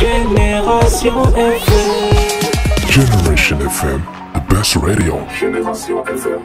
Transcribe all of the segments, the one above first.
Génération FM. Génération FM, the best radio. Génération FM.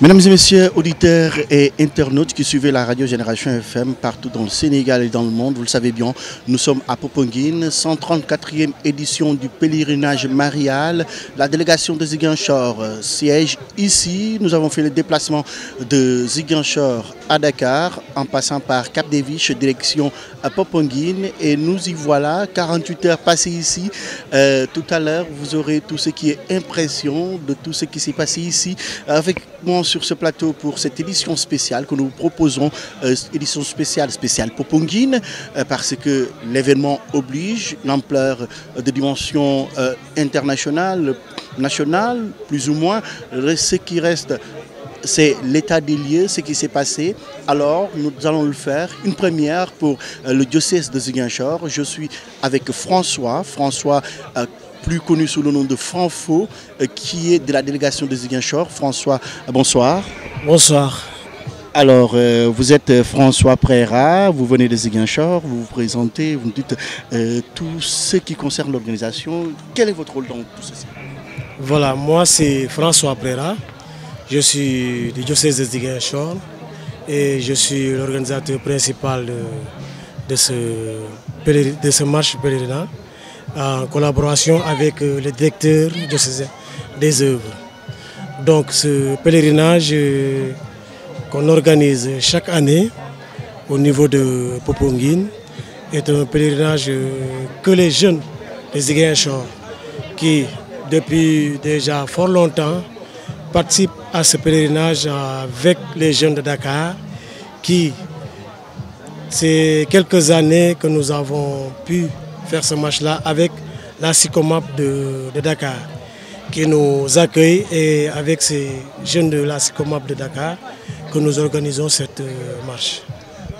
Mesdames et messieurs, auditeurs et internautes qui suivent la radio Génération FM partout dans le Sénégal et dans le monde, vous le savez bien, nous sommes à Poponguine, 134e édition du pèlerinage marial. La délégation de Ziguinchor euh, siège ici. Nous avons fait le déplacement de Ziguinchor à Dakar en passant par Cap Deviche, direction à Poponguine. Et nous y voilà, 48 heures passées ici. Euh, tout à l'heure, vous aurez tout ce qui est impression de tout ce qui s'est passé ici avec moi sur ce plateau pour cette édition spéciale que nous vous proposons, euh, édition spéciale, spéciale Poponguine, euh, parce que l'événement oblige l'ampleur de dimension internationale, nationale, plus ou moins, ce qui reste c'est l'état des lieux, ce qui s'est passé. Alors, nous allons le faire. Une première pour euh, le diocèse de Ziguinchor. Je suis avec François, François euh, plus connu sous le nom de Franfo, euh, qui est de la délégation de Ziguinchor. François, bonsoir. Bonsoir. Alors, vous êtes François Préra, vous venez de Ziguinchor, vous vous présentez, vous me dites tout ce qui concerne l'organisation. Quel est votre rôle dans tout ceci Voilà, moi c'est François Préra. Je suis du diocèse de Ziguinchor et je suis l'organisateur principal de, ce, de ce marche pèlerinage en collaboration avec euh, le directeur diocèse des œuvres. Donc ce pèlerinage qu'on organise chaque année au niveau de Popongine est un pèlerinage que les jeunes de Ziguinchor qui depuis déjà fort longtemps participent à ce pèlerinage avec les jeunes de Dakar qui, c'est quelques années que nous avons pu faire ce match-là avec la SICOMAP de, de, Dakar qui nous accueille et avec ces jeunes de la SICOMAP de Dakar que nous organisons cette euh, marche.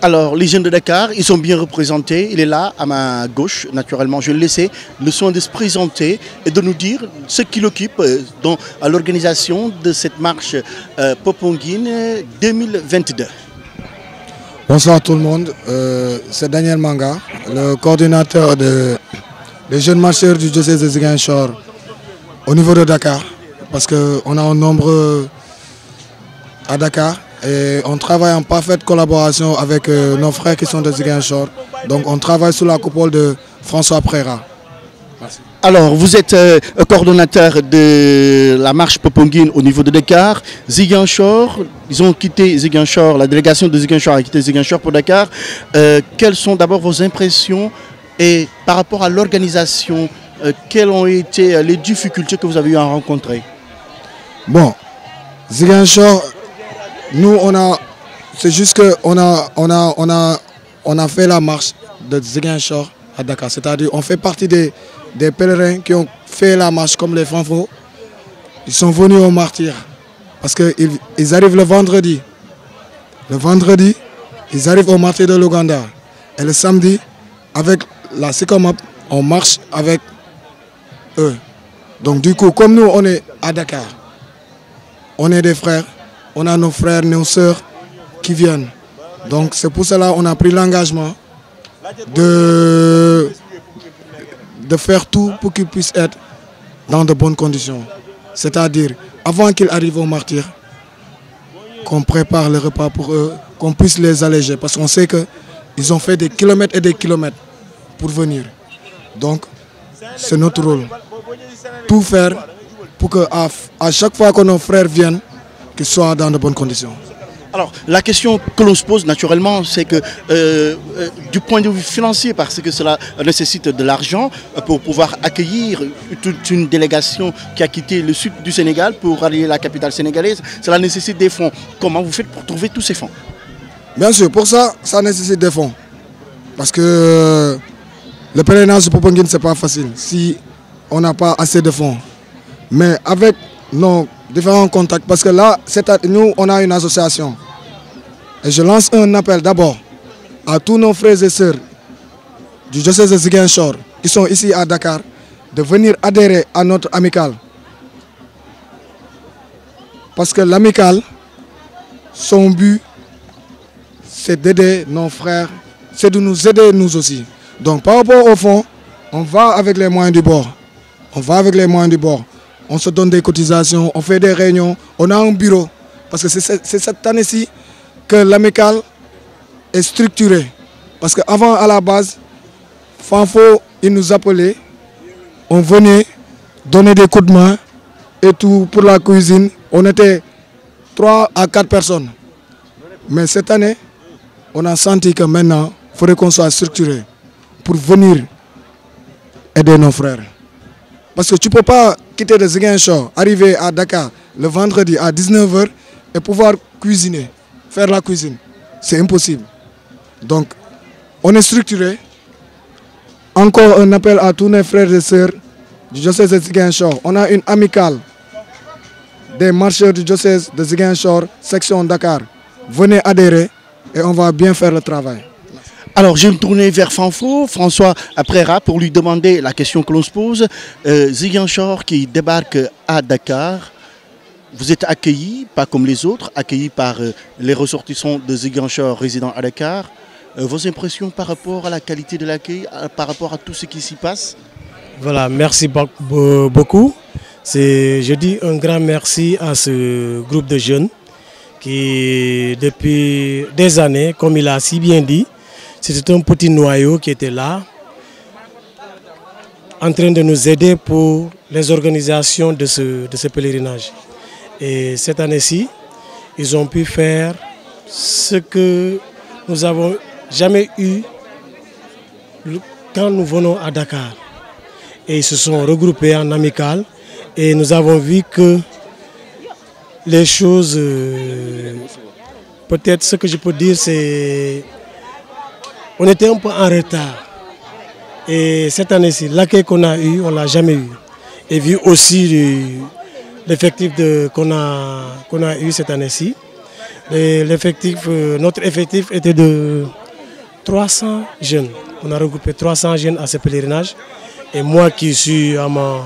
Alors, les jeunes de Dakar, ils sont bien représentés. Il est là, à ma gauche, naturellement. Je vais laisser le soin de se présenter et de nous dire ce qu'il occupe euh, dans, à l'organisation de cette marche euh, Poponguine Popongine 2022. Bonsoir tout le monde. Euh, c'est Daniel Manga, le coordinateur des jeunes marcheurs du José Ziguinchor au niveau de Dakar. Parce qu'on a un nombre à Dakar et on travaille en parfaite collaboration avec euh, nos frères qui sont de Ziguinchor. Donc on travaille sous la coupole de François Préra. Alors, vous êtes euh, coordonnateur de la marche Poponguine au niveau de Dakar. Ziguinchor, ils ont quitté Ziguinchor, la délégation de Ziguinchor a quitté Ziguinchor pour Dakar. Euh, quelles sont d'abord vos impressions et par rapport à l'organisation, quelles ont été les difficultés que vous avez eu à rencontrer Bon, Ziguinchor nous, on a. C'est juste qu'on a, on a, on a, on a fait la marche de Ziguinchor à Dakar. C'est-à-dire on fait partie des, des pèlerins qui ont fait la marche comme les Franco. Ils sont venus au martyr. Parce qu'ils ils arrivent le vendredi. Le vendredi, ils arrivent au martyr de l'Ouganda. Et le samedi, avec la Sikomap on marche avec eux. Donc du coup, comme nous, on est à Dakar, on est des frères, on a nos frères, nos sœurs qui viennent. Donc c'est pour cela qu'on a pris l'engagement de, de faire tout pour qu'ils puissent être dans de bonnes conditions. C'est-à-dire, avant qu'ils arrivent au martyr, qu'on prépare le repas pour eux, qu'on puisse les alléger. Parce qu'on sait qu'ils ont fait des kilomètres et des kilomètres pour venir. Donc, c'est notre rôle. Tout faire pour que à chaque fois que nos frères viennent, qui soient dans de bonnes conditions. Alors, la question que l'on se pose naturellement, c'est que euh, euh, du point de vue financier, parce que cela nécessite de l'argent euh, pour pouvoir accueillir toute une délégation qui a quitté le sud du Sénégal pour rallier la capitale sénégalaise, cela nécessite des fonds. Comment vous faites pour trouver tous ces fonds Bien sûr, pour ça, ça nécessite des fonds. Parce que le pèlerinage de Popongine, ce n'est pas facile si on n'a pas assez de fonds. Mais avec nos différents contacts. Parce que là, nous, on a une association. Et je lance un appel d'abord à tous nos frères et sœurs du diocèse de Ziguinchor qui sont ici à Dakar de venir adhérer à notre amicale. Parce que l'amicale, son but, c'est d'aider nos frères, c'est de nous aider nous aussi. Donc par rapport au fond, on va avec les moyens du bord. On va avec les moyens du bord on se donne des cotisations, on fait des réunions, on a un bureau. Parce que c'est cette année-ci que l'amical est structurée. Parce qu'avant, à la base, Fanfo, il nous appelait, on venait donner des coups de main et tout pour la cuisine. On était trois à quatre personnes. Mais cette année, on a senti que maintenant, il faudrait qu'on soit structuré pour venir aider nos frères. Parce que tu ne peux pas de Ziguinchor, arriver à Dakar le vendredi à 19h et pouvoir cuisiner, faire la cuisine. C'est impossible. Donc, on est structuré. Encore un appel à tous nos frères et sœurs du diocèse de Ziguinchor. On a une amicale des marcheurs du diocèse de Ziguinchor, section Dakar. Venez adhérer et on va bien faire le travail. Alors, je vais me tourner vers Fanfo, François Aprera, pour lui demander la question que l'on se pose. Euh, qui débarque à Dakar, vous êtes accueilli, pas comme les autres, accueilli par euh, les ressortissants de Ziganchor résidant à Dakar. Euh, vos impressions par rapport à la qualité de l'accueil, par rapport à tout ce qui s'y passe Voilà, merci beaucoup. C'est, je dis un grand merci à ce groupe de jeunes qui, depuis des années, comme il a si bien dit, c'était un petit noyau qui était là, en train de nous aider pour les organisations de ce, de pèlerinage. Et cette année-ci, ils ont pu faire ce que nous avons jamais eu quand nous venons à Dakar. Et ils se sont regroupés en amical et nous avons vu que les choses, euh, peut-être ce que je peux dire, c'est on était un peu en retard. Et cette année-ci, l'accueil qu'on a eu, on ne l'a jamais eu. Et vu aussi l'effectif qu'on a, qu'on a eu cette année-ci, l'effectif, euh, notre effectif était de 300 jeunes. On a regroupé 300 jeunes à ce pèlerinage. Et moi qui suis à ma,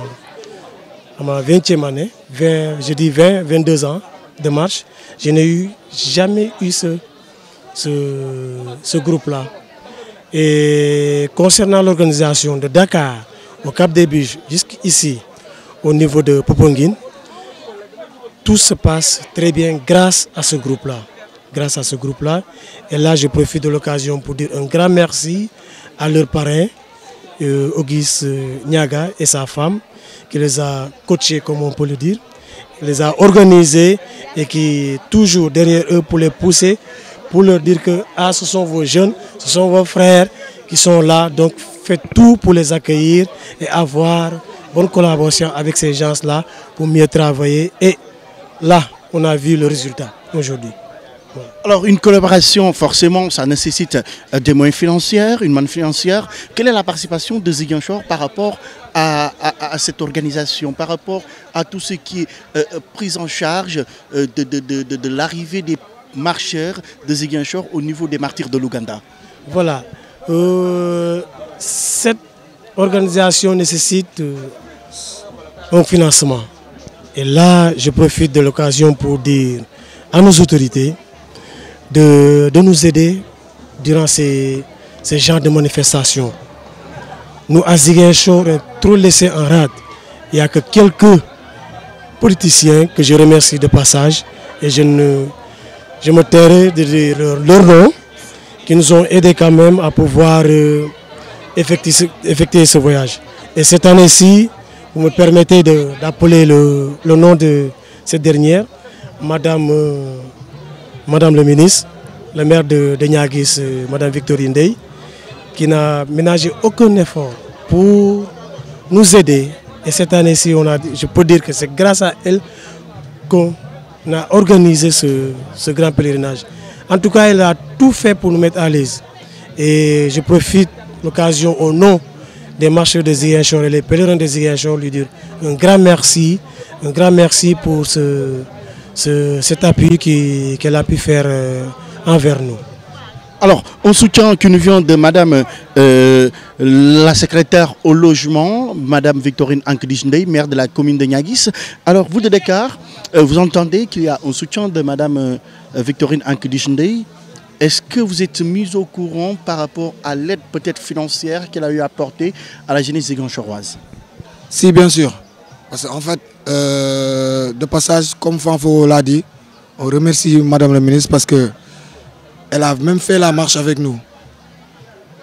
à ma 20e année, 20, je dis 20, 22 ans de marche, je n'ai jamais eu ce, ce, ce groupe-là. Et concernant l'organisation de Dakar au Cap des Buges jusqu'ici, au niveau de Poponguine, tout se passe très bien grâce à ce groupe-là. Grâce à ce groupe-là. Et là, je profite de l'occasion pour dire un grand merci à leur parrain, euh, Auguste euh, Niaga et sa femme, qui les a coachés, comme on peut le dire, les a organisés et qui est toujours derrière eux pour les pousser pour leur dire que ah, ce sont vos jeunes, ce sont vos frères qui sont là. Donc faites tout pour les accueillir et avoir bonne collaboration avec ces gens-là pour mieux travailler. Et là, on a vu le résultat aujourd'hui. Alors une collaboration, forcément, ça nécessite euh, des moyens financiers, une manne financière. Quelle est la participation de Ziguinchor par rapport à, cette organisation, par rapport à tout ce qui est euh, euh, prise en charge de, de l'arrivée des marcheurs de Ziguinchor au niveau des martyrs de l'Ouganda Voilà. Euh, cette organisation nécessite euh, un financement. Et là, je profite de l'occasion pour dire à nos autorités de, nous aider durant ces, genres de manifestations. Nous, à Ziguinchor, est trop laissés en rade. Il n'y a que quelques politiciens que je remercie de passage et je ne je me tairai de dire leur nom, qui nous ont aidés quand même à pouvoir euh, effectuer, ce voyage. Et cette année-ci, vous me permettez d'appeler le, nom de cette dernière, Madame, euh, Madame le ministre, la maire de, de Niagis, euh, Madame Victorine Day, qui n'a ménagé aucun effort pour nous aider. Et cette année-ci, je peux dire que c'est grâce à elle qu'on a organisé ce, grand pèlerinage. En tout cas, elle a tout fait pour nous mettre à l'aise. Et je profite l'occasion au nom des marcheurs des Ziguinchor et les pèlerins de lui dire un grand merci, un grand merci pour ce, cet appui qu'elle a pu faire euh, envers nous. Alors, on soutient qu'une vient de Madame euh, la secrétaire au logement, Madame Victorine Ankdijndey, maire de la commune de Niagis. Alors, vous de Dakar, euh, vous entendez qu'il y a un soutien de Madame euh, Victorine Ankudijendey. Est-ce que vous êtes mise au courant par rapport à l'aide peut-être financière qu'elle a eu apportée à la jeunesse Grands-Choroises Si, bien sûr. Parce qu'en fait, de passage, comme Fanfo l'a dit, on remercie Madame la ministre parce que elle a même fait la marche avec nous.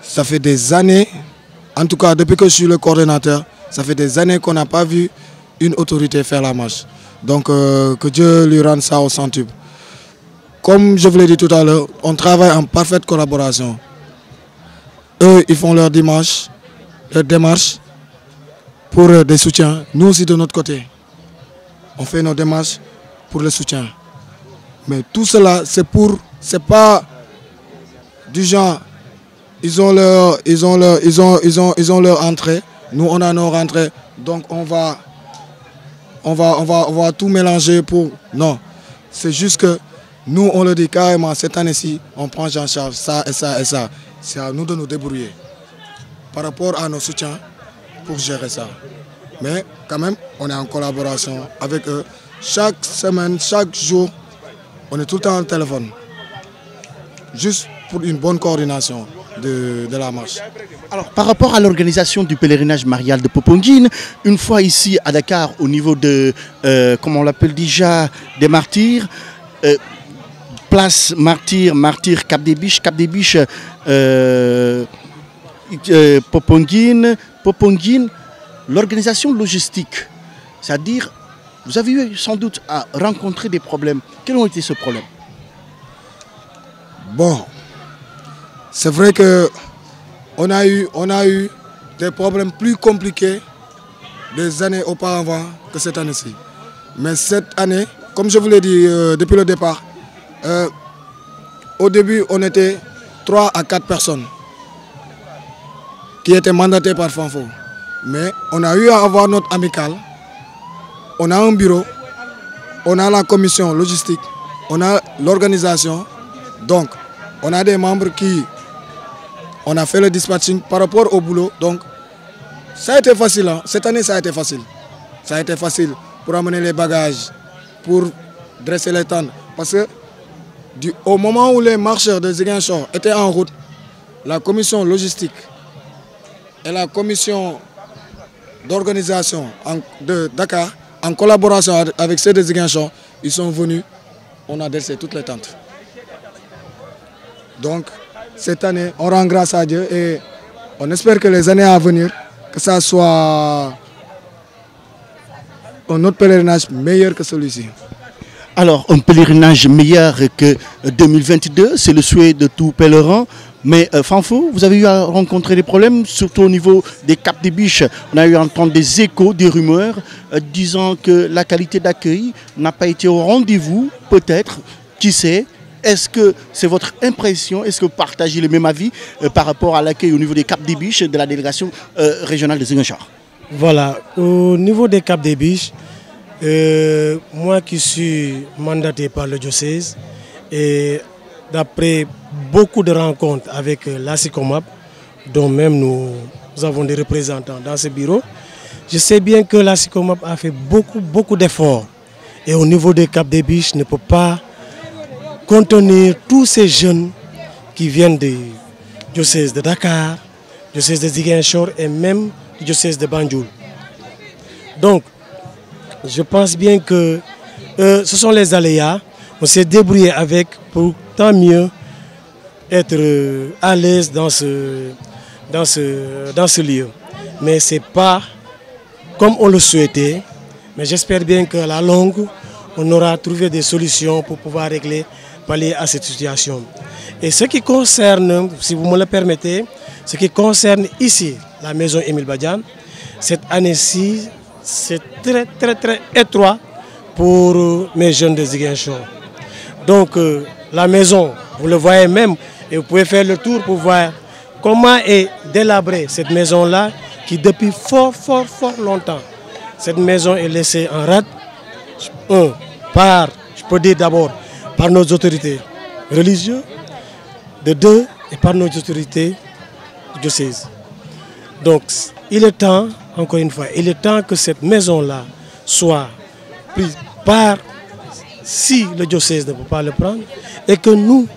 Ça fait des années, en tout cas depuis que je suis le coordonnateur, ça fait des années qu'on n'a pas vu une autorité faire la marche. Donc euh, que Dieu lui rende ça au centuple. Comme je vous l'ai dit tout à l'heure, on travaille en parfaite collaboration. Eux, ils font leur démarche, leur démarche pour euh, des soutiens. Nous aussi de notre côté, on fait nos démarches pour le soutien. Mais tout cela, c'est pour, c'est pas du genre, ils ont leur, ils ont leur, ils ont, ils ont, ils ont leur entrée. Nous, on a nos rentrées. Donc, on va, on va, on va, on tout mélanger pour. Non, c'est juste que nous, on le dit carrément. Cette année-ci, on prend jean charge ça et ça et ça. C'est à nous de nous débrouiller par rapport à nos soutiens pour gérer ça. Mais quand même, on est en collaboration avec eux. Chaque semaine, chaque jour, on est tout le temps au téléphone. Juste pour une bonne coordination de, la marche. Alors, par rapport à l'organisation du pèlerinage marial de Popongine, une fois ici à Dakar, au niveau de, euh, comment on l'appelle déjà, des martyrs, euh, place martyr, martyr Cap des Biches, Cap des Biches, euh, euh Popongine, Popongine, l'organisation logistique, c'est-à-dire, vous avez sans doute à rencontrer des problèmes. Quels ont été ces problèmes Bon, c'est vrai qu'on a, eu, on a eu des problèmes plus compliqués des années auparavant que cette année-ci. Mais cette année, comme je vous l'ai dit euh, depuis le départ, euh, au début, on était 3 à 4 personnes qui étaient mandatées par Fanfo. Mais on a eu à avoir notre amicale, on a un bureau, on a la commission logistique, on a l'organisation. Donc, on a des membres qui on a fait le dispatching par rapport au boulot. Donc, ça a été facile. Hein. Cette année, ça a été facile. Ça a été facile pour amener les bagages, pour dresser les tentes. Parce que du, au moment où les marcheurs de Ziguinchon étaient en route, la commission logistique et la commission d'organisation de Dakar, en collaboration avec ceux de Ziguinchon, ils sont venus, on a dressé toutes les tentes. Donc, cette année, on rend grâce à Dieu et on espère que les années à venir, que ça soit un autre pèlerinage meilleur que celui-ci. Alors, un pèlerinage meilleur que 2022, c'est le souhait de tout pèlerin. Mais euh, vous avez eu à rencontrer des problèmes, surtout au niveau des caps des Biches. On a eu à entendre des échos, des rumeurs, euh, disant que la qualité d'accueil n'a pas été au rendez-vous, peut-être, qui sait, est-ce que c'est votre impression Est-ce que vous partagez le même avis euh, par rapport à l'accueil au niveau des Cap des Biches de la délégation euh, régionale de Zingachar Voilà, au niveau des Cap des Biches, euh, moi qui suis mandaté par le diocèse et d'après beaucoup de rencontres avec la Sicomap, dont même nous, avons des représentants dans ce bureau, je sais bien que la Sicomap a fait beaucoup, beaucoup d'efforts. Et au niveau des Cap des Biches, ne peut pas contenir tous ces jeunes qui viennent du diocèse de Dakar, du diocèse de Ziguinchor et même du diocèse de Banjul. Donc, je pense bien que euh, ce sont les aléas. On s'est débrouillé avec pour tant mieux être euh, à l'aise dans ce, dans, ce, dans ce lieu. Mais ce n'est pas comme on le souhaitait. Mais j'espère bien qu'à la longue, on aura trouvé des solutions pour pouvoir régler pallier à cette situation. Et ce qui concerne, si vous me le permettez, ce qui concerne ici la maison Émile Badian, cette année-ci, c'est très très très étroit pour mes jeunes de Donc euh, la maison, vous le voyez même, et vous pouvez faire le tour pour voir comment est délabrée cette maison-là qui depuis fort fort fort longtemps, cette maison est laissée en rade. par, je peux dire d'abord, par nos autorités religieuses, de deux, et par nos autorités diocèses. Donc, il est temps, encore une fois, il est temps que cette maison-là soit prise par, si le diocèse ne peut pas le prendre, et que nous,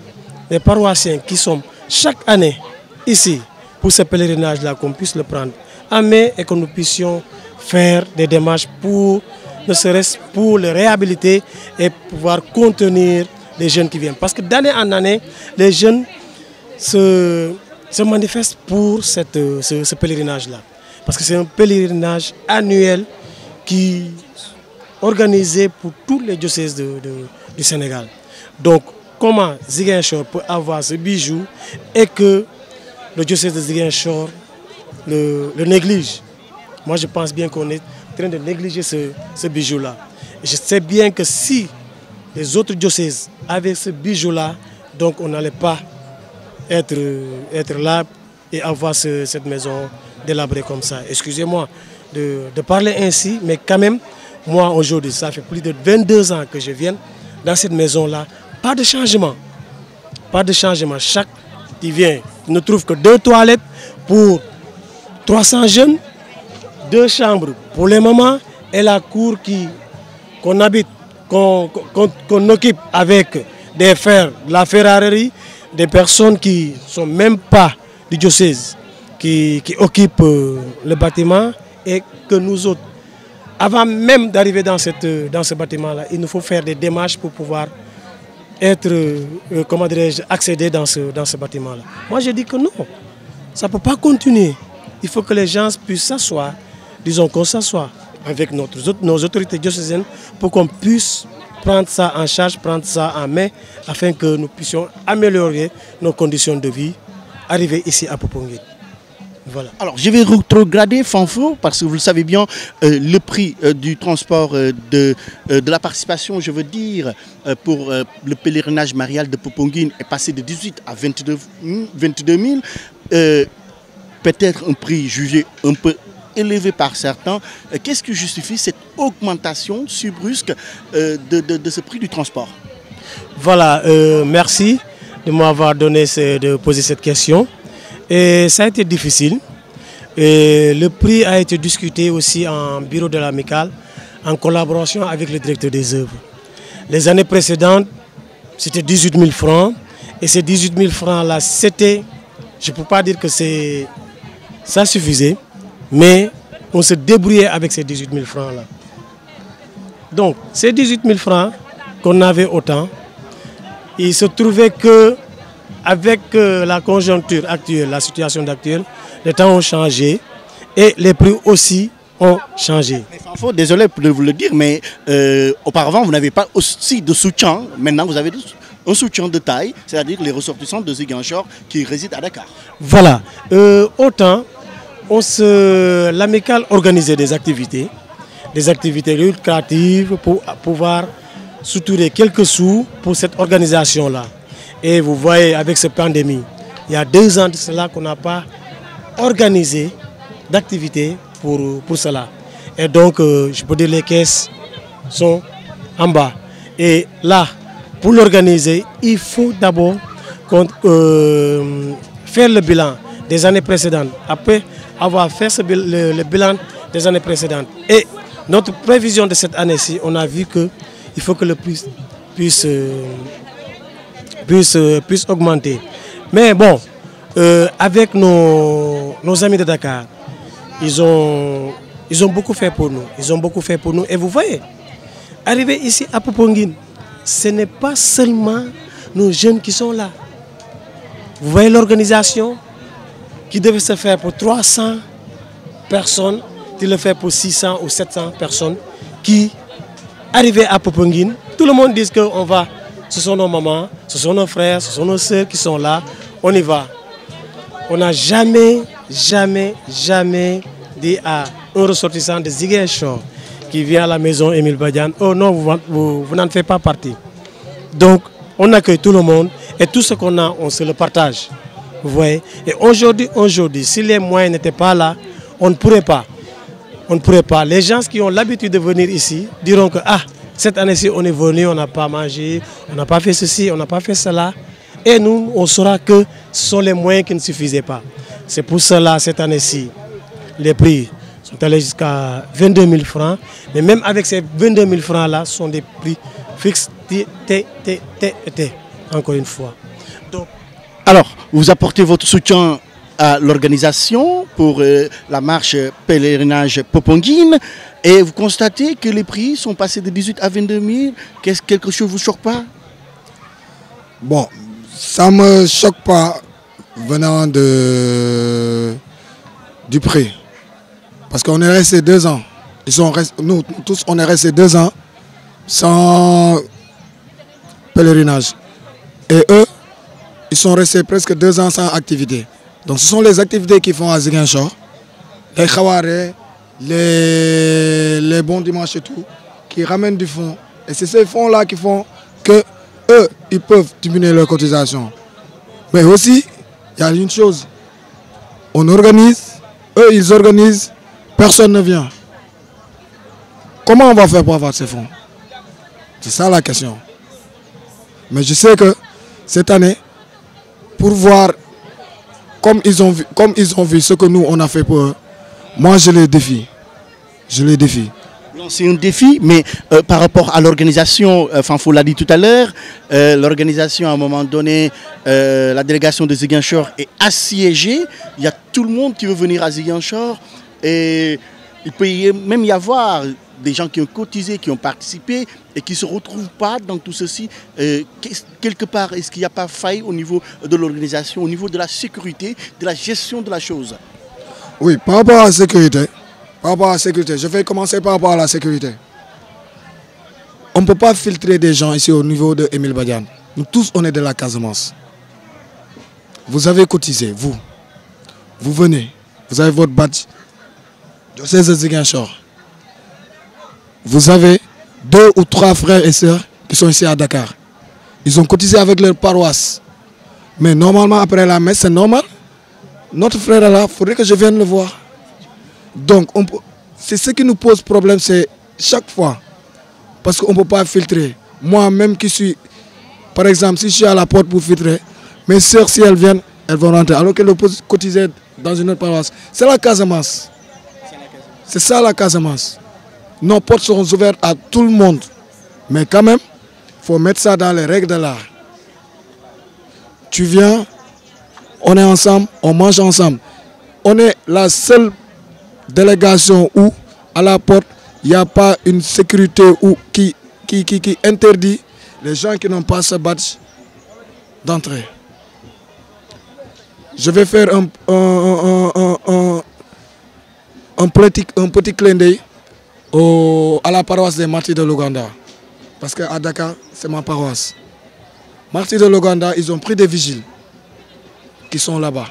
les paroissiens qui sommes chaque année ici pour ce pèlerinage-là, qu'on puisse le prendre à et que nous puissions faire des démarches pour ne serait-ce pour le réhabiliter et pouvoir contenir les jeunes qui viennent. Parce que d'année en année, les jeunes se, se manifestent pour cette, ce, pèlerinage-là. Parce que c'est un pèlerinage annuel qui est organisé pour tous les diocèses de, du Sénégal. Donc, comment Ziguinchor peut avoir ce bijou et que le diocèse de Ziguinchor le, le néglige Moi, je pense bien qu'on est train de négliger ce, bijou-là. Je sais bien que si les autres diocèses avaient ce bijou-là, donc on n'allait pas être, être là et avoir cette maison délabrée comme ça. Excusez-moi de, de, parler ainsi, mais quand même, moi aujourd'hui, ça fait plus de 22 ans que je viens dans cette maison-là. Pas de changement. Pas de changement. Chaque qui vient ne trouve que deux toilettes pour 300 jeunes deux chambres pour les moment et la cour qu'on habite, qu'on occupe avec des fers, la ferrarerie, des personnes qui ne sont même pas du diocèse, qui, qui occupent euh, le bâtiment et que nous autres, avant même d'arriver dans, dans ce bâtiment-là, il nous faut faire des démarches pour pouvoir être, euh, comment dirais-je, accéder dans ce, dans ce bâtiment-là. Moi, je dis que non, ça ne peut pas continuer. Il faut que les gens puissent s'asseoir, disons qu'on s'assoit avec notre, nos autorités diocésaines pour qu'on puisse prendre ça en charge, prendre ça en main, afin que nous puissions améliorer nos conditions de vie, arriver ici à Poponguine. Voilà. Alors, je vais retrograder Fanfo, parce que vous le savez bien, euh, le prix euh, du transport euh, de, de la participation, je veux dire, pour le pèlerinage marial de Popongine est passé de 18 à 22, 22 000. Peut-être un prix jugé un peu élevé par certains. Euh, qu'est-ce qui justifie cette augmentation subrusque euh, de, ce prix du transport Voilà, euh, merci de m'avoir donné ce, de poser cette question. Et ça a été difficile. Et le prix a été discuté aussi en bureau de l'amicale en collaboration avec le directeur des œuvres. Les années précédentes, c'était 18 000 francs. Et ces 18 000 francs-là, c'était, je ne peux pas dire que c'est... ça suffisait, mais on se débrouillait avec ces 18 000 francs-là. Donc, ces 18 000 francs qu'on avait autant, il se trouvait que avec euh, la conjoncture actuelle, la situation actuelle, les temps ont changé et les prix aussi ont changé. Mais faut désolé de vous le dire, mais euh, auparavant, vous n'avez pas aussi de soutien. Maintenant, vous avez un soutien de taille, c'est-à-dire les ressortissants de Ziganchor qui résident à Dakar. Voilà. Euh, autant, on se, l'amicale organisait des activités, des activités lucratives pour pouvoir soutenir quelques sous pour cette organisation-là. Et vous voyez, avec cette pandémie, il y a deux ans de cela qu'on n'a pas organisé d'activités pour, pour cela. Et donc, euh, je peux dire les caisses sont en bas. Et là, pour l'organiser, il faut d'abord euh, faire le bilan des années précédentes. Après, avoir fait le, bilan des années précédentes. Et notre prévision de cette année-ci, on a vu qu'il faut que le prix puisse, euh, puisse, euh, puisse augmenter. Mais bon, euh, avec nos, amis de Dakar, ils ont, ils ont beaucoup fait pour nous. Ils ont beaucoup fait pour nous. Et vous voyez, arriver ici à Popongine, ce n'est pas seulement nos jeunes qui sont là. Vous voyez l'organisation, qui devait se faire pour 300 personnes, il le fait pour 600 ou 700 personnes qui arrivaient à Popongine. Tout le monde dit qu'on va, ce sont nos mamans, ce sont nos frères, ce sont nos sœurs qui sont là, on y va. On n'a jamais, jamais, jamais dit à un ressortissant de Ziguinchor qui vient à la maison Émile Badian, oh non, vous, vous n'en faites pas partie. Donc, on accueille tout le monde et tout ce qu'on a, on se le partage. Vous voyez Et aujourd'hui, aujourd'hui, si les moyens n'étaient pas là, on ne pourrait pas. On ne pourrait pas. Les gens qui ont l'habitude de venir ici diront que ah, cette année-ci, on est venu, on n'a pas mangé, on n'a pas fait ceci, on n'a pas fait cela. Et nous, on saura que ce sont les moyens qui ne suffisaient pas. C'est pour cela, cette année-ci, les prix sont allés jusqu'à 22 000 francs. Mais même avec ces 22 000 francs-là, ce sont des prix fixes, encore une fois. Donc, alors, vous apportez votre soutien à l'organisation pour euh, la marche pèlerinage Poponguine et vous constatez que les prix sont passés de 18 à 22 000. Qu'est-ce que quelque chose vous choque pas Bon, ça me choque pas venant de du prix parce qu'on est resté deux ans. Ils sont nous tous on est resté deux ans sans pèlerinage et eux ils sont restés presque deux ans sans activité. Donc ce sont les activités qui font à les Khawaré, les, les bons dimanches et tout, qui ramènent du fonds. Et c'est ces fonds-là qui font que eux, ils peuvent diminuer leur cotisation. Mais aussi, il y a une chose, on organise, eux ils organisent, personne ne vient. Comment on va faire pour avoir ces fonds C'est ça la question. Mais je sais que cette année, pour voir comme ils ont vu, comme ils ont vu ce que nous on a fait pour eux. Moi je les défie. Je les défie. C'est un défi, mais euh, par rapport à l'organisation, euh, Fanfou l'a dit tout à l'heure, euh, l'organisation à un moment donné, la délégation de Ziguinchor est assiégée. Il y a tout le monde qui veut venir à Ziguinchor et il peut même y avoir des gens qui ont cotisé, qui ont participé et qui ne se retrouvent pas dans tout ceci. Euh, quelque part, est-ce qu'il n'y a pas faille au niveau de l'organisation, au niveau de la sécurité, de la gestion de la chose Oui, par rapport à la sécurité, par rapport à la sécurité, je vais commencer par rapport à la sécurité. On ne peut pas filtrer des gens ici au niveau de Émile Nous tous, on est de la casemance. Vous avez cotisé, vous. Vous venez, vous avez votre badge. Je sais vous avez deux ou trois frères et sœurs qui sont ici à Dakar. Ils ont cotisé avec leur paroisse. Mais normalement, après la messe, c'est normal. Notre frère est là, il faudrait que je vienne le voir. Donc, c'est ce qui nous pose problème, c'est chaque fois. Parce qu'on ne peut pas filtrer. Moi-même qui suis, par exemple, si je suis à la porte pour filtrer, mes sœurs, si elles viennent, elles vont rentrer. Alors qu'elles cotisé dans une autre paroisse. C'est la Casamance. C'est ça la Casamance. Nos portes seront ouvertes à tout le monde. Mais quand même, il faut mettre ça dans les règles de l'art. Tu viens, on est ensemble, on mange ensemble. On est la seule délégation où, à la porte, il n'y a pas une sécurité qui, qui, qui, interdit les gens qui n'ont pas ce badge d'entrée. Je vais faire un, un, petit, petit clin d'œil au, à la paroisse des martyrs de l'Ouganda. Parce qu'à Dakar, c'est ma paroisse. Martyrs de l'Ouganda, ils ont pris des vigiles qui sont là-bas.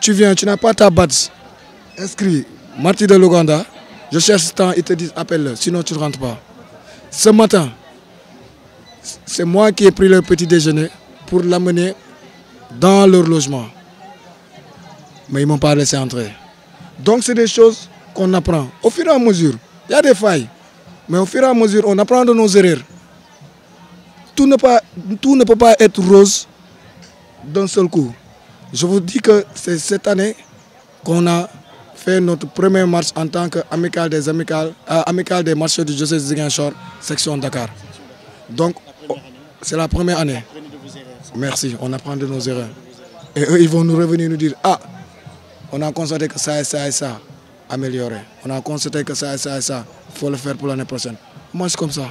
Tu viens, tu n'as pas ta badge. Inscrit, Martyrs de l'Ouganda, je cherche ce temps, ils te disent appelle-le, sinon tu ne rentres pas. Ce matin, c'est moi qui ai pris le petit déjeuner pour l'amener dans leur logement. Mais ils ne m'ont pas laissé entrer. Donc c'est des choses qu'on apprend. Au fur et à mesure, il y a des failles, mais au fur et à mesure, on apprend de nos erreurs. Tout ne, pas, tout ne peut pas être rose d'un seul coup. Je vous dis que c'est cette année qu'on a fait notre première marche en tant qu'amical des amicales, euh, amical des marchés du Joseph Ziguinchor, section Dakar. Donc, oh, c'est la première année. Merci, on apprend de nos erreurs. Et eux, ils vont nous revenir nous dire, ah, on a constaté que ça et ça et ça améliorer. On a constaté que ça ça ça, il faut le faire pour l'année prochaine. Moi, c'est comme ça.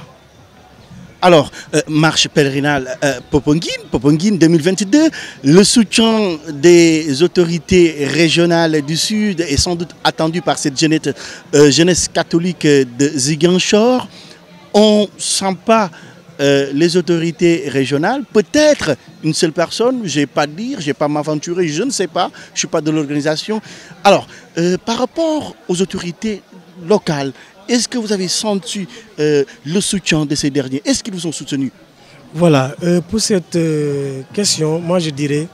Alors, euh, marche pèlerinale euh, Poponguine Popongine, 2022, le soutien des autorités régionales du Sud est sans doute attendu par cette jeunesse, euh, catholique de Ziganchor. On ne sent pas euh, les autorités régionales, peut-être une seule personne, je n'ai pas dire, je n'ai pas m'aventurer, je ne sais pas, je ne suis pas de l'organisation. Alors, euh, par rapport aux autorités locales, est-ce que vous avez senti euh, le soutien de ces derniers Est-ce qu'ils vous ont soutenu Voilà, pour cette question, moi je dirais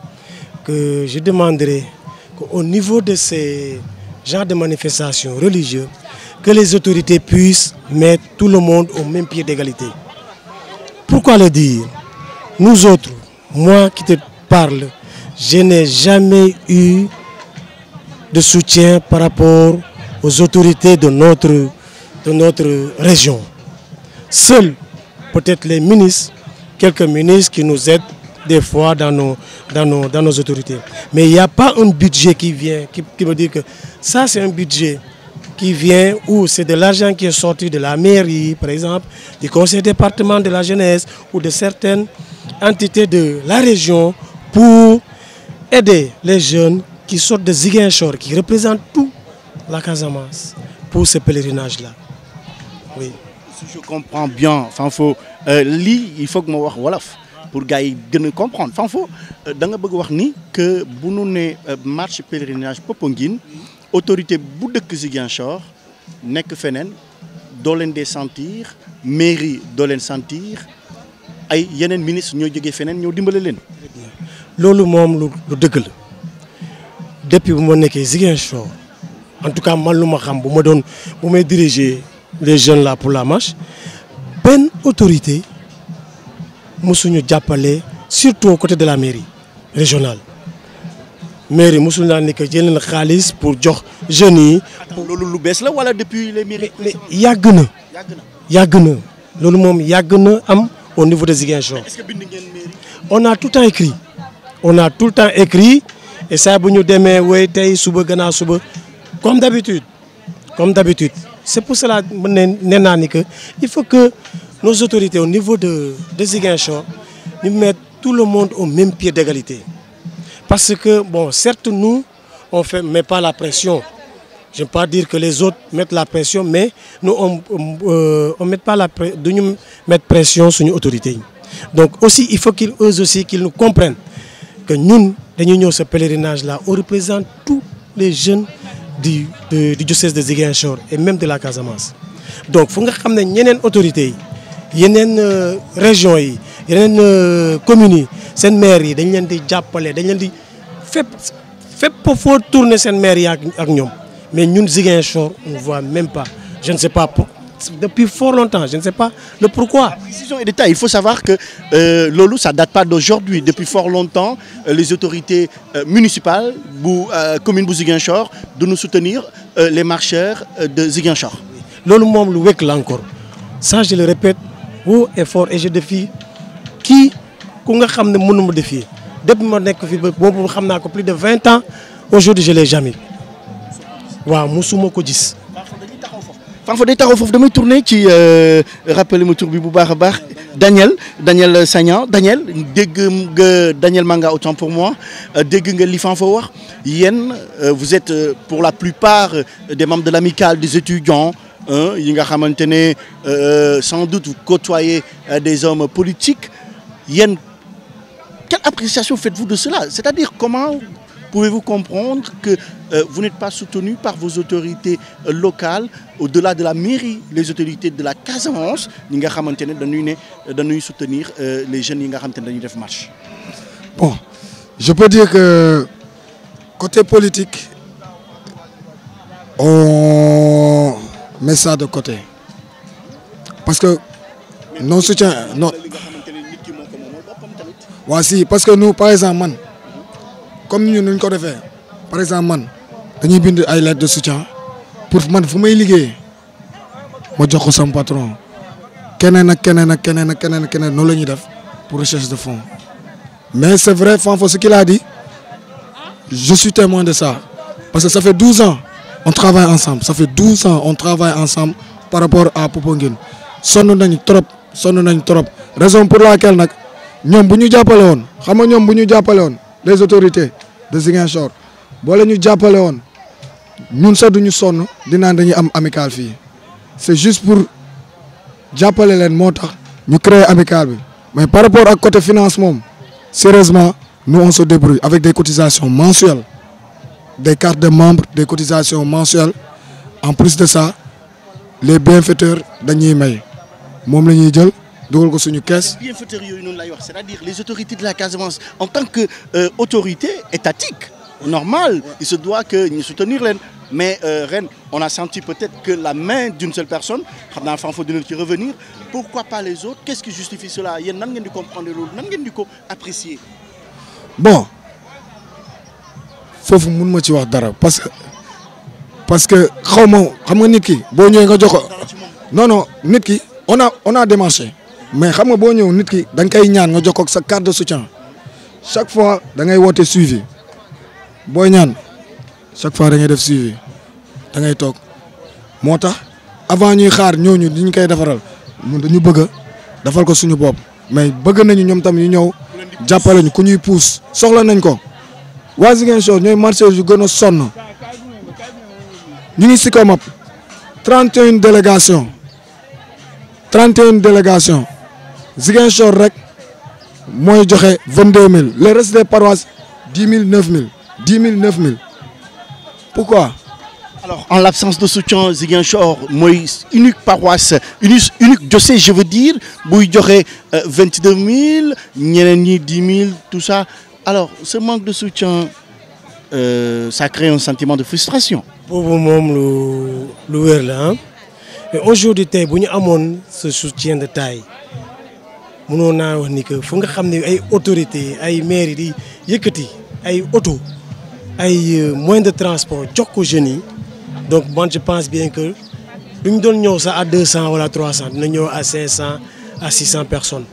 que je demanderais qu'au niveau de ces genres de manifestations religieuses, que les autorités puissent mettre tout le monde au même pied d'égalité. Pourquoi le dire Nous autres, moi qui te parle, je n'ai jamais eu de soutien par rapport aux autorités de notre, de notre région. Seuls peut-être les ministres, quelques ministres qui nous aident des fois dans nos, dans dans nos autorités. Mais il n'y a pas un budget qui vient, qui, qui veut dire que ça c'est un budget qui vient ou c'est de l'argent qui est sorti de la mairie, par exemple, du conseil département de la jeunesse ou de certaines entités de la région pour aider les jeunes qui sortent de Ziguinchor, qui représentent tout la Casamance pour ce pèlerinage-là. Oui. Si je comprends bien, Fanfo, euh, li, il faut que je me voilà pour gars de comprendre. Fanfo, euh, que si euh, marche pèlerinage Pongine autorité bu dëkk Ziguinchor nekk feneen doo leen les sentir mairie Dolen sentir ay Yenen ministre ñoo jógee feneen ñoo dimbale leen. loolu moom lu dëgg depuis bu ma Ziguinchor en tout cas man lu ma xam bu ma doon les jeunes là pour la marche Ben autorité mosuñu jàppale surtout aux côtés de la mairie régionale mairie mosul naa ni que jël na pour jox jeunes yi. loolu lu bees la wala depuis les mairies. yagna yagna yàgg mom yagna am au niveau de Ziguinchor. est-ce que bind maire on a tout le temps écrit on a tout le temps écrit et saa buñu démé way tay suba gannaaw suba comme d'habitude comme d'habitude c'est pour cela que ne ni que il faut que nos autorités au niveau de de Ziguinchor nous mettent tout le monde au même pied d'égalité parce que, bon, certes, nous, on ne met pas la pression. Je ne veux pas dire que les autres mettent la pression, mais nous, on ne euh, met pas la pression, pression sur nos autorités. Donc aussi, il faut qu'ils eux aussi, qu'ils nous comprennent que nous, nous ce pèlerinage-là, on représente tous les jeunes du, diocèse de Ziguinchor et même de la Casamance. Donc, il faut que nous autorités, il y a une euh, région, il y a une commune, yi dañ leen di jàppale dañ leen di fépp fépp foo tourner Sainte maire à ak mais nous, Ziguinchor on voit même pas je ne sais pas depuis fort longtemps je ne sais pas le pourquoi. décision est d'État il faut savoir que euh, lolo ça ça date pas d'aujourd'hui depuis fort longtemps euh, les autorités euh, municipales bu commune de Ziguinchor de nous soutenir les marcheurs de Ziguinchor. L'OLU, mom lu encore ça je le répète haut et fort et je défie kii ku nga xam ne mënu ma défier depuis ma nekk fi ba boobu xam naa ko plus de vingt ans aujourd'hui je l'ai jamais waaw musuma ko gis. Fafa day taxaw foofu damay tourner ci euh, rappelé ma tur bu Daniel Daniel Sagnan Daniel dégg Daniel Manga autant pour moi euh, dégg nga li Fafa wax euh, vous êtes pour la plupart des membres de l'amicale des étudiants hein, yi nga xamante euh, sans doute vous côtoyez des hommes politiques Yen, quelle appréciation faites-vous de cela C'est-à-dire comment pouvez-vous comprendre que euh, vous n'êtes pas soutenu par vos autorités euh, locales, au-delà de la mairie, les autorités de la Casamance, nous de euh, soutenir les jeunes qui une marche Bon, je peux dire que côté politique, on met ça de côté. Parce que non soutien, non, Voici, parce que nous par exemple man comme nous nous ko faire par exemple nous avons bind ay de soutien pour man fu je liggéeyee ma jox ko patron Kenen, ak kenen, ak kenen, ak pour recherche de fonds mais c'est vrai Fanfo ce qu'il a dit je suis témoin de ça parce que ça fait 12 ans on travaille ensemble ça fait 12 ans on travaille ensemble par rapport à Popenguine Nous trop nous trop raison pour laquelle nous... Nous bu les jàppale nous xam les autorités de Ziguinchor nous ñu jàppale nous ñun c'est juste pour les leen nous ñu créer mais par rapport à côté financement, sérieusement nous on se débrouille avec des cotisations mensuelles des cartes de membres des cotisations mensuelles en plus de ça les bienfaiteurs dañuy may moom ko suñu caisse. lay wax c'est-à-dire les autorités de la Casamance en tant que euh, autorité étatique normal il se doit que ñu soutenir leen mais euh, ren on a senti peut-être que la main d'une seule personne dans naa il faut de nous revenir pourquoi pas les autres qu'est-ce qui justifie cela yéen nan ngeen di comprendre l'autre, nan ngeen di ko apprécier. bon Il faut que ci wax dara parce que parce que xaw xam non non nit on a on a démarché. mais xam nga boo ñëw nit ki da nga koy ñaan nga jokkoo ak sa carte de soutien chaque fois da ngay woote suivi booy ñaan chaque fois da ngay def suivi da ngay toog moo tax avant ñuy xaar ñooñu ñu koy defaral ñun dañu bëgg dafal ko suñu bopp mais bëgg nañu ñoom tam ñu ñëw jàppale ñu ku ñuy puus soxla nañ ko waa Ziguinchor ñooy marchés yu gën a sonn ñu ngi si ko map 31 délégation 31 délégation Ziguin Chor rek moy 22 000 le reste des paroisses 10 000 9 000 10 000 9 000 pourquoi alors en l'absence de soutien Ziguin Chor moy unique paroisse unique unique je je veux dire vous avez 22 000 10 000 tout ça alors ce manque de soutien euh, ça crée un sentiment de frustration pour vous même le le là hein? Aujourd'hui, avez ce soutien de taille. Il que nga autorités ay maires auto euh, moyens de transport jox ko jeunes donc je pense bien que nous doon ñëw sa à 200 ou wala 300, dina ñëw à 500, à 600 personnes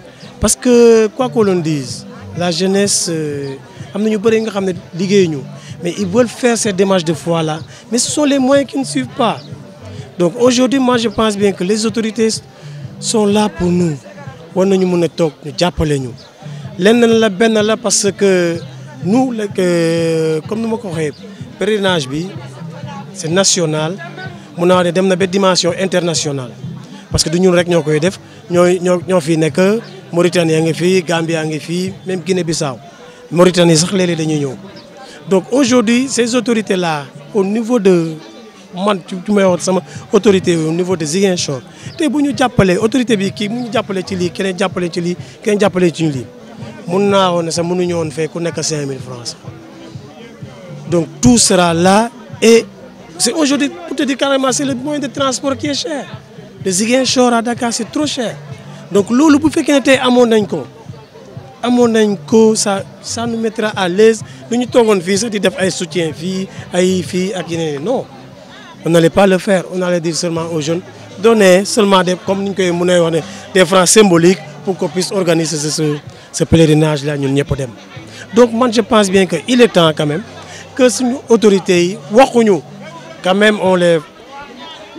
parce que quoi qu'on l'on dise la jeunesse euh, am ne bëri nga mais ils veulent faire cette démarche de foi là mais ce sont les moyens qui ne suivent pas donc aujourd'hui moi je pense bien que les autorités sont là pour nous war nañu mën tok nous ñu jappalé ñu lenn la benn la parce que nous comme nous mako ko le pèlerinage bi c'est national mëna naa dem na dimension internationale parce que du ñun rek ñokoy def ñoy ñoo ñoo nek Mauritanie ya nga fi Gambie ya nga fi même Guinée-Bissau Mauritanie sax léeg dañuy ñëw donc aujourd'hui ces autorités là au niveau de man ci li wax sama autorité au niveau de Ziguinchor tey bu ñu jàppalee autorité bi ki muñu jappalé ci li keneen jappalé ci li keneen jappalé ci li mun naa woon ne sax mënuñu woon fay ku nekk 5000 francs donc tout sera là et c'est aujourd'hui pour te dire carrément c'est le moyen de transport qui est cher de Ziguinchor à Dakar c'est trop cher donc lolu bu fekké té tey nañ ko amoon nañ ko ça ça nous mettra à l'aise ñu togon fi sa di def ay soutien fi ay fi ak yeneen non on n'allait pas le faire on allait dire seulement aux jeunes donner seulement des comme des francs symboliques pour qu'on puisse organiser ce pèlerinage là donc moi, je pense bien qu'il est temps quand même que ces autorités quand même on les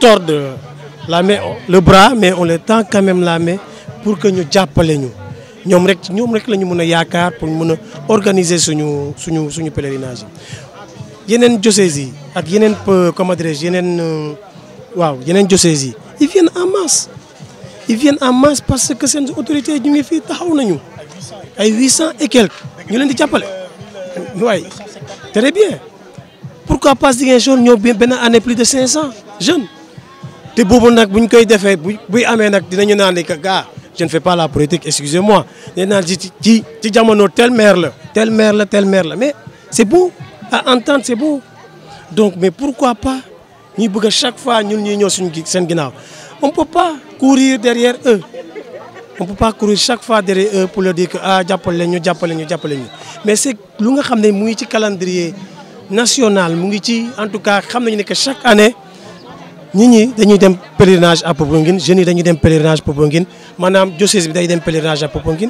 tord le bras mais on les tend quand même la main pour que nous Nous ñu. Nous rek ñoom rek la ñu mën pour a organiser suñu suñu suñu pèlerinage ak yenen euh, comment dirais yenen euh, waaw yenen diocèses yi ils viennent en masse ils viennent en masse parce que seen autorités ñu ngi fii taxaw nañu ay huit et quelques ñu leen di jappalé très bien pourquoi pas Ziguinchor ñëw ben année plus de cinq cent jeunes te boobu nak buñ koy défé bu buy amee nag dinañu naan ne je ne fais pas la politique excusez-moi nee naa ci ci ci jamono tel maire la tel maire la tel maire la mais c'est beau à entendre c'est beau donc mais pourquoi pas nous bëgg chaque fois ñun nous ñëw suñu seen on peut pas courir derrière eux on peut pas courir chaque fois derrière eux pour leur dire que ah jàppale ñu jàppale ñu mais c'est lu nga nous avons mu ngi calendrier national en tout cas nous savons que chaque année nous ñi dañuy dem pèlerinage à Popenguine jeunes yi un dem pèlerinage à Popongin, madame bi day dem pèlerinage à Popongin.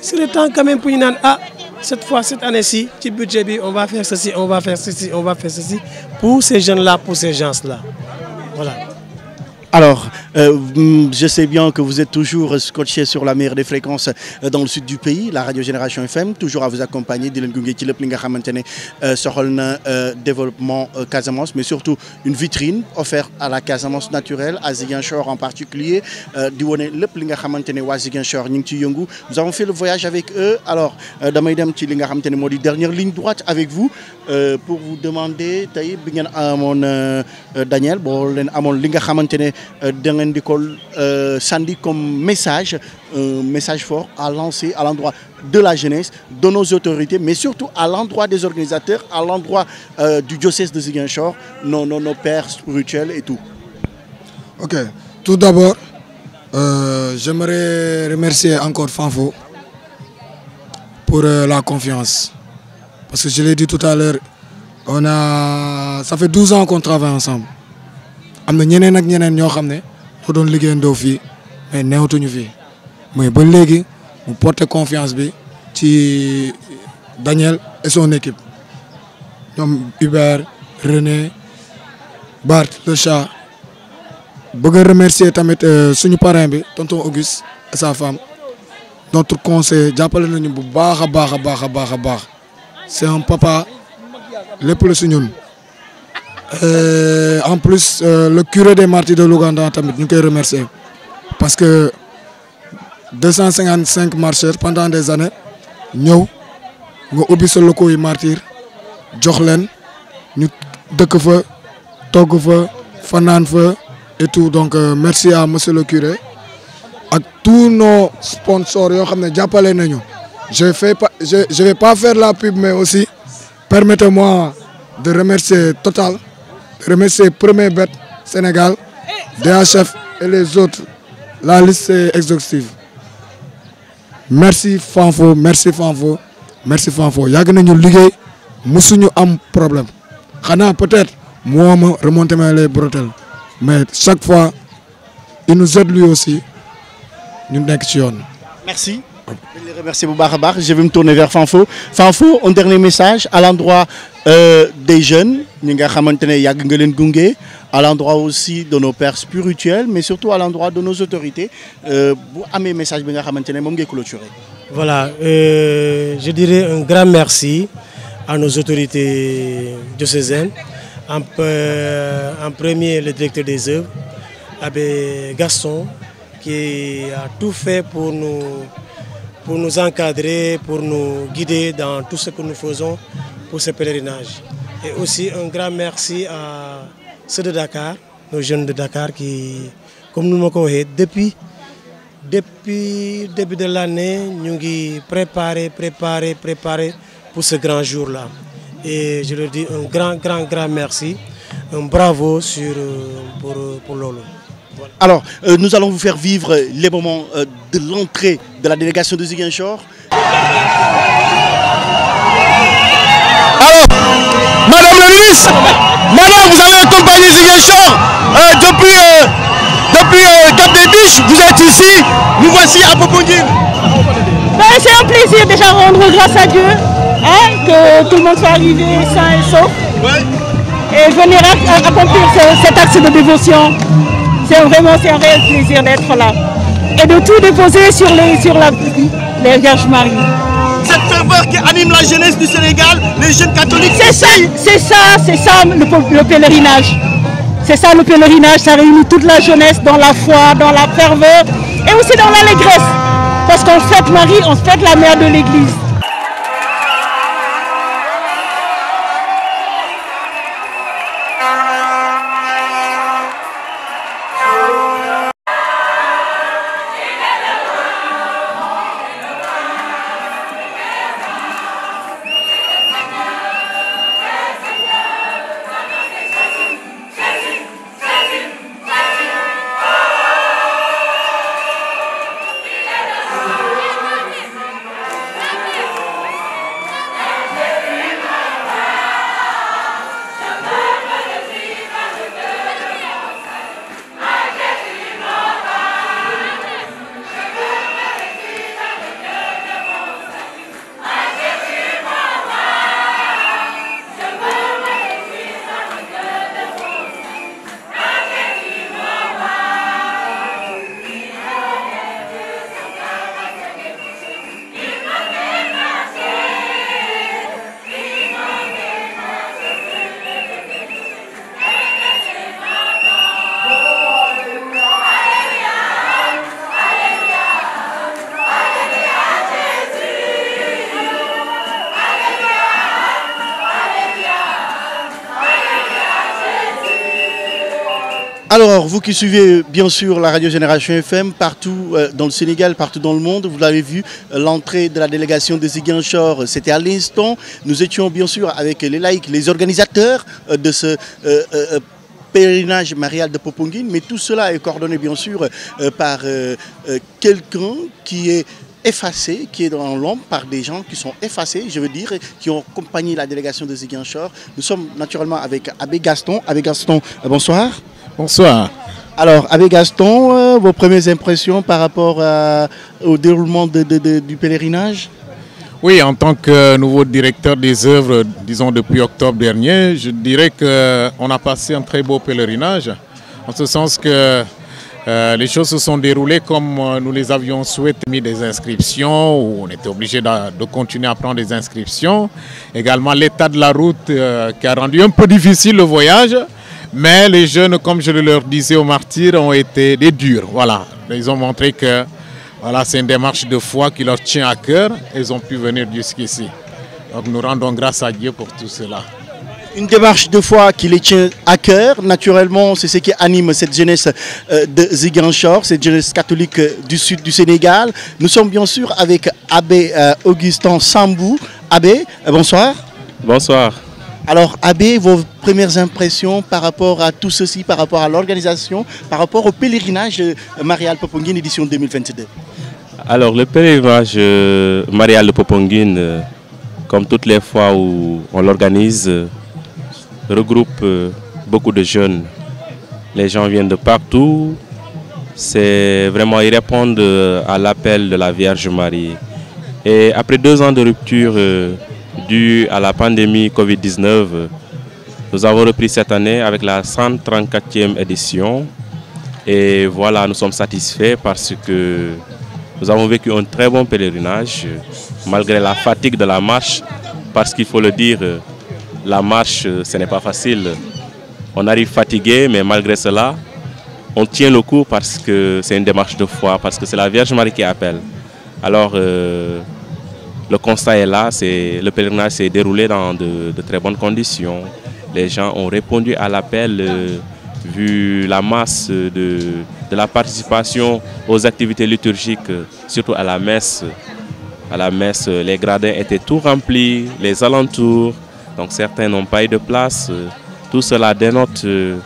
C'est le temps quand même pour nous ah, cette fois, cette année-ci, petit budget, on va faire ceci, on va faire ceci, on va faire ceci, pour ces jeunes-là, pour ces gens-là. Voilà. Alors, euh, mm, je sais bien que vous êtes toujours scotché sur la meilleure des fréquences euh, dans le sud du pays, la Radio Génération FM, toujours à vous accompagner. Dylan Gungé, le Plinga li nga le euh, développement Casamance, mais surtout une vitrine offerte à la Casamance naturelle, à Ziguinchor en particulier, di li nga Nous avons fait le voyage avec eux. Alors, damay dem ci li nga dernière ligne droite avec vous pour vous demander taï bi à Daniel à mon amoon li d'un sandy Sandy comme message un message fort à lancer à l'endroit de la jeunesse de nos autorités mais surtout à l'endroit des organisateurs à l'endroit euh, du diocèse de Ziguinchor nos pères spirituels et tout. ok tout d'abord euh, j'aimerais remercier encore Fanfo pour euh, la confiance parce que je l'ai dit tout à l'heure on a ça fait 12 ans qu'on travaille ensemble amna ñeneen ak ñeneen ñoo xam ne ñoo doon liggéeyandoo fii mais neewatuñu fii mais ba léegi mu porter confiance bi ci Daniel et son équipe ñoom Hubert René Bart le chat bëgg a remercier tamit euh, suñu parrain bi tonton Auguste et sa femme notre conseil jàppale nañu bu baax a baax a baax a baax a baax c'est un papa lépp la su ñun euh, en plus euh, le curé des martyrs de l'Ouganda nous ñu koy parce que 255 marcheurs pendant des années nous nga ubbi sa yi martyrs nous avons ñu nous fa et tout donc euh, merci à monsieur le curé à tous nos sponsors je ne je vais pas faire la pub mais aussi permettez-moi de remercier Total remercier Premier bête Sénégal, DHF et les autres. La liste est exhaustive. Merci Fanfo, merci Fanfo, merci Fanfo. y a liggéey musuñu am problème xanaa peut-être moi je remonter ma les bretelles mais chaque fois il nous aide lui aussi Nous sommes ci merci. Je les Je vais me tourner vers Fanfo. Fanfo, un dernier message à l'endroit euh, des jeunes à l'endroit aussi de nos pères spirituels mais surtout à l'endroit de nos autorités à euh, mes message voilà euh, je dirais un grand merci à nos autorités de en en premier le directeur des œuvres Abbé Gaston qui a tout fait pour nous pour nous encadrer pour nous guider dans tout ce que nous faisons pour ce pèlerinage. Et aussi un grand merci à ceux de Dakar, nos jeunes de Dakar qui, comme nous le connaissons, depuis, depuis début de l'année, nous avons préparé, préparé, préparé pour ce grand jour-là. Et je leur dis un grand, grand, grand merci, un bravo sur, euh, pour, euh, pour Lolo. Alors, euh, nous allons vous faire vivre les moments de l'entrée de la délégation de Ziguinchor. Madame le ministre, madame, vous avez accompagné Ziguinchor euh, depuis, euh, depuis euh, Cap des Biches, vous êtes ici, nous voici à Popondine. Ben, c'est un plaisir déjà rendre grâce à Dieu hein, que tout le monde soit arrivé sain et sauf. Et venir euh, accomplir cet acte de dévotion. C'est vraiment un réel plaisir d'être là. Et de tout déposer sur, les, sur la, les Vierges Marie cette ferveur qui anime la jeunesse du Sénégal, les jeunes catholiques. C'est ça, c'est ça, c'est ça le, pèlerinage. C'est ça le pèlerinage, ça réunit toute la jeunesse dans la foi, dans la ferveur et aussi dans l'allégresse. Parce qu'on fête Marie, on fête la mère de l'Église. vous qui suivez bien sûr la radio Génération FM partout euh, dans le Sénégal, partout dans le monde, vous l'avez vu, euh, l'entrée de la délégation de Ziguinchor, euh, c'était à l'instant. Nous étions bien sûr avec les laïcs, les organisateurs de ce pèlerinage marial de Popongine, mais tout cela est coordonné bien sûr par quelqu'un qui est effacé, qui est dans l'ombre par des gens qui sont effacés, je veux dire, qui ont accompagné la délégation de Ziguinchor. Nous sommes naturellement avec Abbé Gaston. Abbé Gaston, bonsoir. Bonsoir. Alors, avec Gaston, euh, vos premières impressions par rapport au déroulement du pèlerinage Oui, en tant que nouveau directeur des œuvres, disons depuis octobre dernier, je dirais qu'on euh, a passé un très beau pèlerinage, en ce sens que euh, les choses se sont déroulées comme nous les avions souhaité, mis des inscriptions, où on était obligé de, continuer à prendre des inscriptions. Également l'état de la route qui a rendu un peu difficile le voyage. Mais les jeunes, comme je le leur disais aux martyrs, ont été des durs. Voilà. Ils ont montré que voilà, c'est une démarche de foi qui leur tient à cœur. Ils ont pu venir jusqu'ici. Donc nous rendons grâce à Dieu pour tout cela. Une démarche de foi qui les tient à cœur. Naturellement, c'est ce qui anime cette jeunesse euh, de Ziganchor, cette jeunesse catholique euh, du sud du Sénégal. Nous sommes bien sûr avec Abbé euh, Augustin Sambou. Abbé, bonsoir. Bonsoir. Alors Abbé, vos premières impressions par rapport à tout ceci, par rapport à l'organisation, par rapport au pèlerinage Marial Poponguine édition 2022 Alors le pèlerinage euh, Marial Poponguine, euh, comme toutes les fois où on l'organise, euh, regroupe beaucoup de jeunes. Les gens viennent de partout. C'est vraiment, ils répondent à l'appel de la Vierge Marie. Et après deux ans de rupture Dû à la pandémie Covid-19, nous avons repris cette année avec la 134e e édition. Et voilà, nous sommes satisfaits parce que nous avons vécu un très bon pèlerinage, malgré la fatigue de la marche, parce qu'il faut le dire, la marche, ce n'est pas facile. On arrive fatigué, mais malgré cela, on tient le coup parce que c'est une démarche de foi, parce que c'est la Vierge Marie qui appelle. Alors, euh, le constat est là, le pèlerinage s'est déroulé dans de, très bonnes conditions. Les gens ont répondu à l'appel euh, vu la masse de, la participation aux activités liturgiques, surtout à la messe. À la messe, les gradins étaient tout remplis, les alentours, donc certains n'ont pas eu de place. Tout cela dénote euh,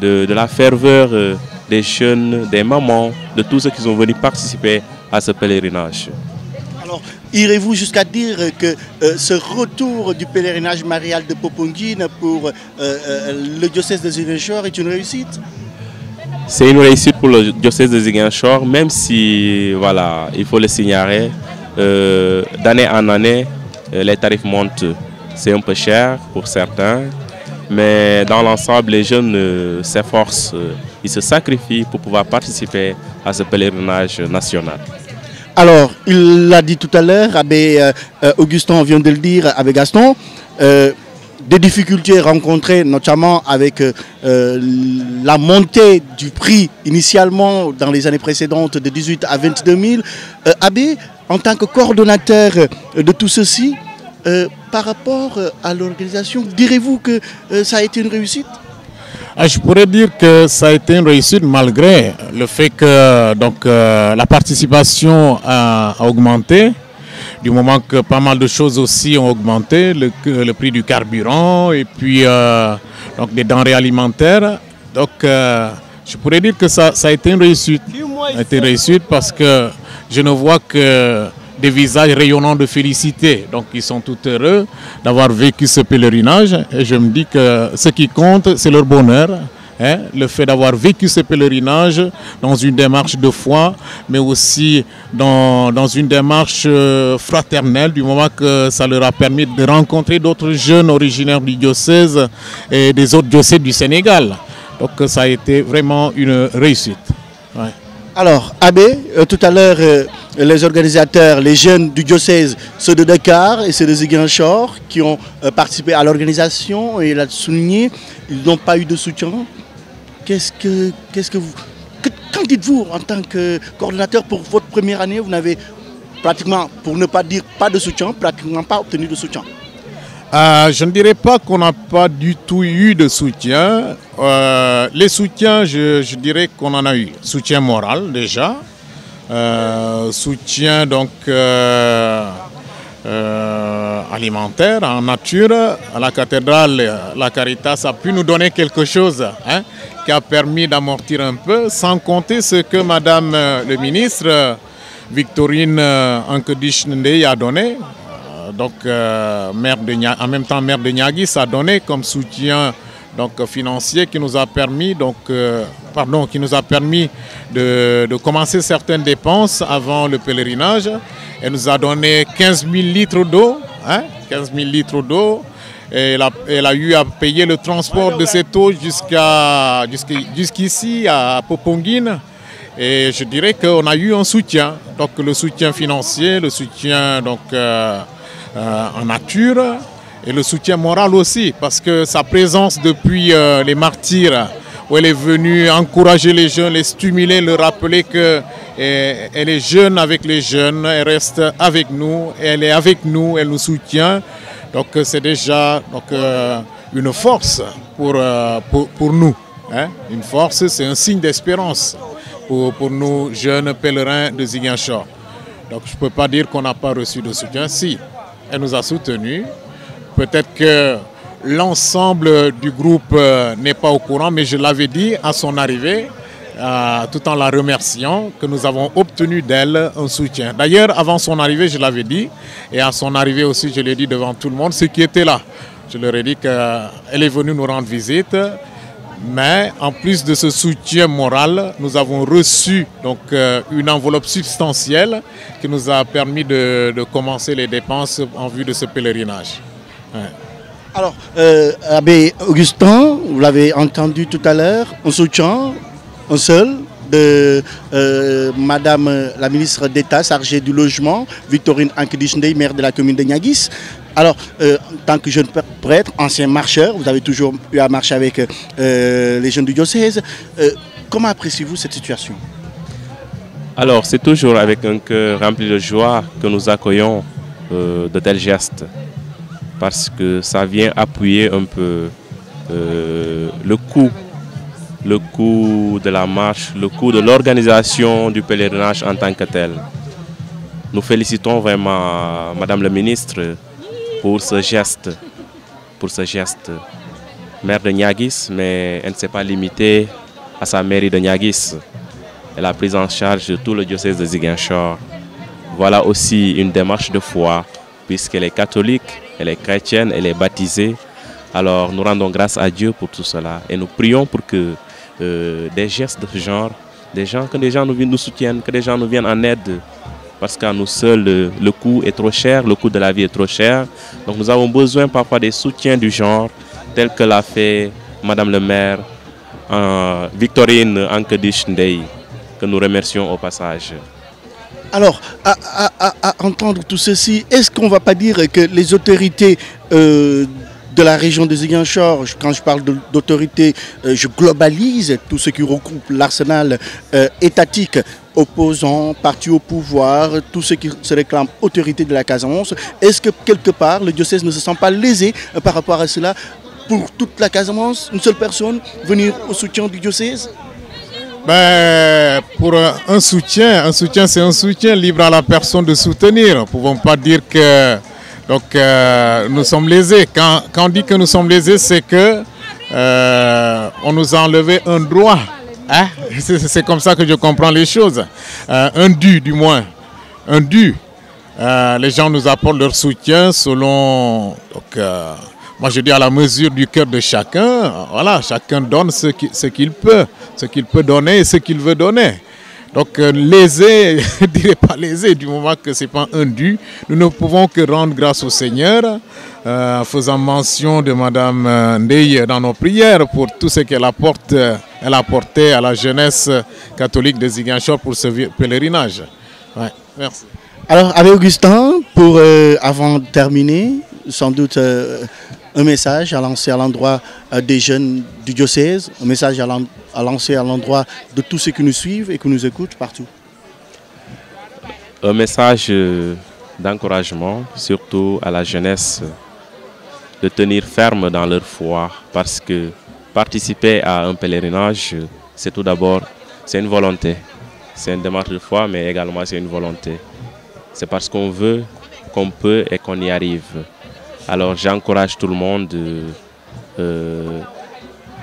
de la ferveur euh, des jeunes, des mamans, de tous ceux qui sont venus participer à ce pèlerinage irez-vous jusqu'à dire que euh, ce retour du pèlerinage marial de Popongine pour euh, euh, le diocèse de Ziguinchor est une réussite C'est une réussite pour le diocèse de Ziguinchor, même si, voilà, il faut le signaler, d'année en année, les tarifs montent. C'est un peu cher pour certains, mais dans l'ensemble, les jeunes s'efforcent, ils se sacrifient pour pouvoir participer à ce pèlerinage national. Alors, il l'a dit tout à l'heure, Abbé euh, euh, Augustin vient de le dire, avec Gaston, euh, des difficultés rencontrées notamment avec la montée du prix initialement dans les années précédentes de 18 à 22 000. Abbé, en tant que coordonnateur de tout ceci, par rapport à l'organisation, direz-vous que ça a été une réussite ah, je pourrais dire que ça a été une réussite malgré le fait que donc, euh, la participation a, augmenté. Du moment que pas mal de choses aussi ont augmenté, le, euh, prix du carburant et puis euh, donc des denrées alimentaires. Donc je pourrais dire que ça, ça a été une réussite. Ça a été une réussite parce que je ne vois que des visages rayonnants de félicité. Donc ils sont tout heureux d'avoir vécu ce pèlerinage. Et je me dis que ce qui compte, c'est leur bonheur. Hein, le fait d'avoir vécu ce pèlerinage dans une démarche de foi, mais aussi dans, une démarche euh, fraternelle, du moment que ça leur a permis de rencontrer d'autres jeunes originaires du diocèse et des autres diocèses du Sénégal. Donc ça a été vraiment une réussite. Alors, Abbé, euh, tout à l'heure, euh, les organisateurs, les jeunes du diocèse, ceux de Dakar et ceux de Ziguinchor, qui ont euh, participé à l'organisation et l'a souligné, ils n'ont pas eu de soutien. Qu'est-ce que, vous. qu'en dites-vous en tant que coordinateur pour votre première année Vous n'avez pratiquement, pour ne pas dire pas de soutien, pratiquement pas obtenu de soutien. Euh, je ne dirais pas qu'on n'a pas du tout eu de soutien. Euh, les soutiens, je, dirais qu'on en a eu. Soutien moral déjà. Euh, soutien donc alimentaire en nature. À la cathédrale, la Caritas a pu nous donner quelque chose hein, qui a permis d'amortir un peu, sans compter ce que Madame le ministre Victorine Ankedish a donné donc euh, de en même temps maire de Niagis a donné comme soutien donc financier qui nous a permis donc euh, pardon qui nous a permis de, commencer certaines dépenses avant le pèlerinage Elle nous a donné 15 000 litres d'eau 15 hein, litres d'eau et elle a, eu à payer le transport de cette eau jusqu'ici à Popongine et je dirais qu'on a eu un soutien donc le soutien financier le soutien donc euh, euh, en nature et le soutien moral aussi, parce que sa présence depuis euh, les martyrs, où elle est venue encourager les jeunes, les stimuler, le rappeler qu'elle eh, est jeune avec les jeunes, elle reste avec nous, elle est avec nous, elle nous soutient. Donc euh, c'est déjà donc, une force pour, pour, nous. Hein. Une force, c'est un signe d'espérance pour, pour nous jeunes pèlerins de Ziguinchor. Donc je ne peux pas dire qu'on n'a pas reçu de soutien, si elle nous a soutenus. Peut-être que l'ensemble du groupe euh, n'est pas au courant, mais je l'avais dit à son arrivée, euh, tout en la remerciant, que nous avons obtenu d'elle un soutien. D'ailleurs, avant son arrivée, je l'avais dit, et à son arrivée aussi, je l'ai dit devant tout le monde, ceux qui étaient là. Je leur ai dit qu'elle est venue nous rendre visite, mais en plus de ce soutien moral, nous avons reçu donc, euh, une enveloppe substantielle qui nous a permis de, commencer les dépenses en vue de ce pèlerinage. Alors, euh, Abbé Augustin, vous l'avez entendu tout à l'heure, un soutien, en seul, de euh, Madame la ministre d'État chargée du logement, Victorine Ankedichnei, maire de la commune de Niagis. Alors, euh, en tant que jeune prêtre, ancien marcheur, vous avez toujours eu à marcher avec euh, les jeunes du diocèse. comment appréciez-vous cette situation Alors, c'est toujours avec un cœur rempli de joie que nous accueillons de tels gestes, parce que ça vient appuyer un peu le coup, le coût de la marche, le coût de l'organisation du pèlerinage en tant que tel. Nous félicitons vraiment euh, Madame la ministre pour ce geste, pour ce geste. Maire de Niagis, mais elle ne s'est pas limitée à sa mairie de Niagis. Elle a pris en charge tout le diocèse de Ziguinchor. Voilà aussi une démarche de foi, puisqu'elle est catholique, elle est chrétienne, elle est baptisée. Alors nous rendons grâce à Dieu pour tout cela et nous prions pour que euh, des gestes de ce genre, des gens, que des gens nous, nous, soutiennent, que des gens nous viennent en aide. Parce qu'à nous seuls, euh, le, coût est trop cher, le coût de la vie est trop cher. Donc nous avons besoin parfois des soutiens du genre, tel que l'a fait Madame le maire, euh, Victorine Ankedish Ndei, que nous remercions au passage. Alors, à, entendre tout ceci, est-ce qu'on ne va pas dire que les autorités de la région de Ziguinchor. Quand je parle d'autorité, euh, je globalise tout ce qui regroupe l'arsenal euh, étatique opposants, partis au pouvoir, tout ce qui se réclame autorité de la Casamance. Est-ce que quelque part le diocèse ne se sent pas lésé euh, par rapport à cela pour toute la Casamance, une seule personne venir au soutien du diocèse ben, pour un soutien, un soutien c'est un soutien libre à la personne de soutenir. Nous ne pouvons pas dire que donc euh, nous sommes lésés. Quand, on dit que nous sommes lésés, c'est que euh, on nous a enlevé un droit. Hein? C'est comme ça que je comprends les choses. Euh, un dû, du moins. Un dû. les gens nous apportent leur soutien selon... moi, je dis à la mesure du cœur de chacun. Voilà, chacun donne ce qu'il peut, ce qu'il peut donner et ce qu'il veut donner. Donc euh, lésé, je dirais pas lésé, du moment que ce n'est pas un dû, nous ne pouvons que rendre grâce au Seigneur, en euh, faisant mention de Madame euh, Ndeye dans nos prières pour tout ce qu'elle apporte, elle a à la jeunesse catholique de Ziganchor pour ce pèlerinage. merci. Alors, avec Augustin, pour, avant de terminer, sans doute un message à lancer à l'endroit euh, des jeunes du diocèse, un message à lancer à l'endroit de tous ceux qui nous suivent et qui nous écoutent partout Un message euh, d'encouragement, surtout à la jeunesse, de tenir ferme dans leur foi, parce que participer à un pèlerinage, c'est tout d'abord, c'est une volonté. C'est une démarche de foi, mais également c'est une volonté. C'est parce qu'on veut qu'on peut et qu'on y arrive. Alors j'encourage tout le monde euh,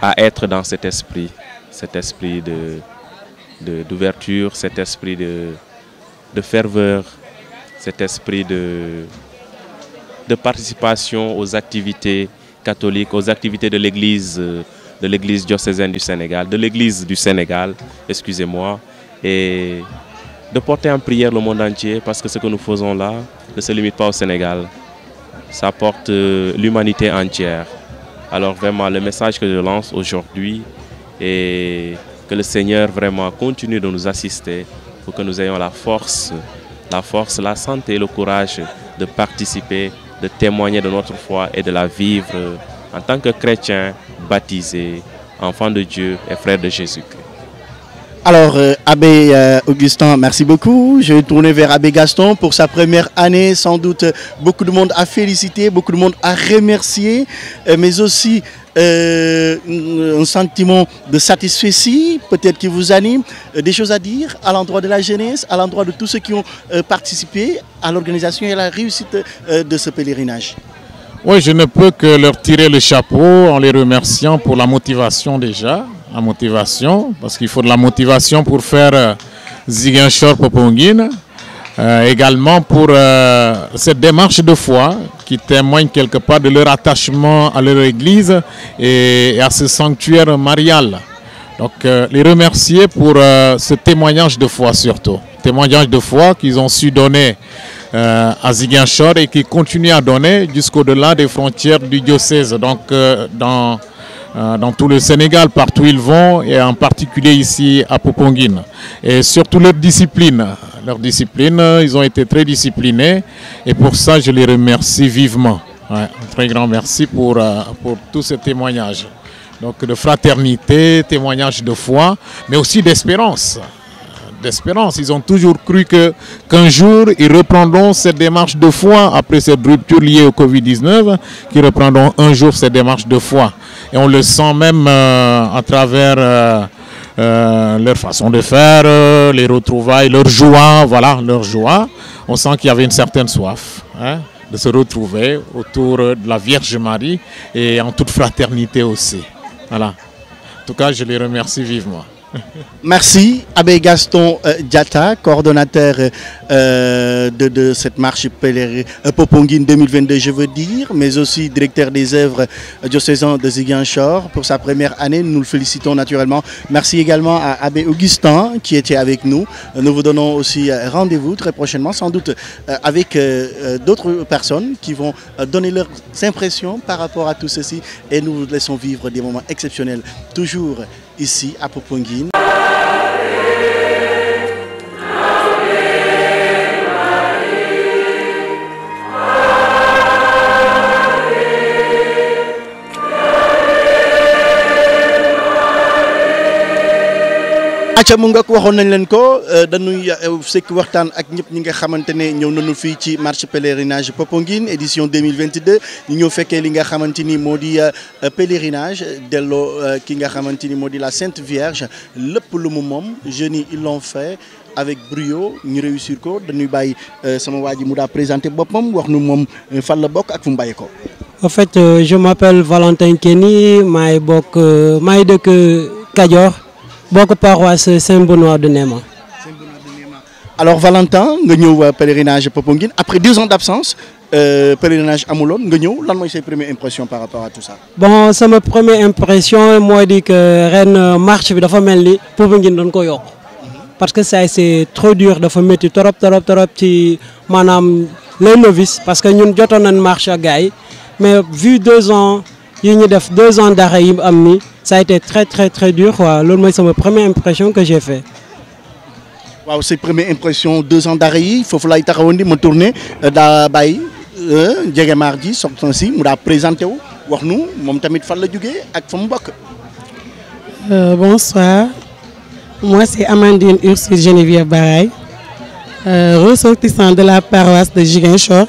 à être dans cet esprit, cet esprit d'ouverture, de, cet esprit de, de ferveur, cet esprit de, de participation aux activités catholiques, aux activités de l'Église, de l'Église diocésaine du Sénégal, de l'Église du Sénégal, excusez-moi, et de porter en prière le monde entier parce que ce que nous faisons là ne se limite pas au Sénégal ça porte euh, l'humanité entière. Alors vraiment, le message que je lance aujourd'hui est que le Seigneur vraiment continue de nous assister pour que nous ayons la force, la force, la santé et le courage de participer, de témoigner de notre foi et de la vivre en tant que chrétien baptisé, enfant de Dieu et frère de Jésus. Alors, euh, Abbé euh, Augustin, merci beaucoup. Je vais tourner vers Abbé Gaston pour sa première année. Sans doute, euh, beaucoup de monde a félicité, beaucoup de monde a remercié, mais aussi un sentiment de satisfaction, peut-être qui vous anime, des choses à dire à l'endroit de la jeunesse, à l'endroit de tous ceux qui ont participé à l'organisation et à la réussite de ce pèlerinage. Oui, je ne peux que leur tirer le chapeau en les remerciant pour la motivation déjà, la motivation, parce qu'il faut de la motivation pour faire euh, Ziguinchor Popongine, euh, également pour euh, cette démarche de foi qui témoigne quelque part de leur attachement à leur église et, à ce sanctuaire marial. Donc euh, les remercier pour ce témoignage de foi surtout, témoignage de foi qu'ils ont su donner à Ziguinchor et qui continue à donner jusqu'au-delà des frontières du diocèse. Donc, dans euh, dans tout le Sénégal, partout où ils vont, et en particulier ici à Poponguine. Et surtout leur discipline. Leur discipline, euh, ils ont été très disciplinés, et pour ça, je les remercie vivement. un très grand merci pour, euh, pour tous ces témoignages. Donc de fraternité, témoignages de foi, mais aussi d'espérance d'espérance. Ils ont toujours cru que qu'un jour, ils reprendront cette démarche de foi après cette rupture liée au Covid-19, qu'ils reprendront un jour cette démarche de foi. Et on le sent même euh, à travers euh, euh, leur façon de faire, les retrouvailles, leur joie, voilà, leur joie. On sent qu'il y avait une certaine soif. Hein, de se retrouver autour de la Vierge Marie et en toute fraternité aussi. Voilà. En tout cas, je les remercie vivement. Merci, Abbé Gaston euh, Diatta, coordonnateur euh, de, cette marche pèlerine euh, 2022, je veux dire, mais aussi directeur des œuvres saison de Ziguinchor pour sa première année. Nous le félicitons naturellement. Merci également à Abbé Augustin qui était avec nous. Nous vous donnons aussi rendez-vous très prochainement, sans doute avec d'autres personnes qui vont donner leurs impressions par rapport à tout ceci et nous vous laissons vivre des moments exceptionnels. Toujours ici à Popongine. aca mu ko waxon nañ len ko euh, dañuy euh, sék waxtan ak ñep ñi nga xamante ñew nañu fi ci marché pèlerinage Popenguine édition 2022 ñu ñëw féké li nga xamanteni modi euh, pèlerinage dello ki nga xamanteni modi la Sainte Vierge lepp lu mu mom je ni ils l'ont fait avec brio ñu réussir ko dañuy bàyyi sama waji ji mu daa présenté boppam wax nu la bokk ak fu mu ko en fait je m'appelle Valentin Kenny may bokk may dëkk Kadior Bonne paroisse Saint-Benoît de Néma. alors Valentin nga un euh, pèlerinage Popenguine après deux ans d'absence euh, pèlerinage à nga nous lan fait une première impression par rapport à tout ça. bon ma première impression je dis que ren euh, marche bi dafa mel ni dañ parce que ça c'est trop dur de faire trop trop trop ci les novices parce que ñun fait une marche à Gaï. mais vu deux ans il y a deux ans d'arrêt ça a été très très très dur C'est moi, première impression que j'ai fait C'est c'est première impression deux ans d'arrêt Il faut que je me tourne dans la baie. Je suis mardi, je mu présenté vous la bonsoir moi c'est Amandine Ursule Geneviève Baraye euh, ressortissant de la paroisse de Ziguinchor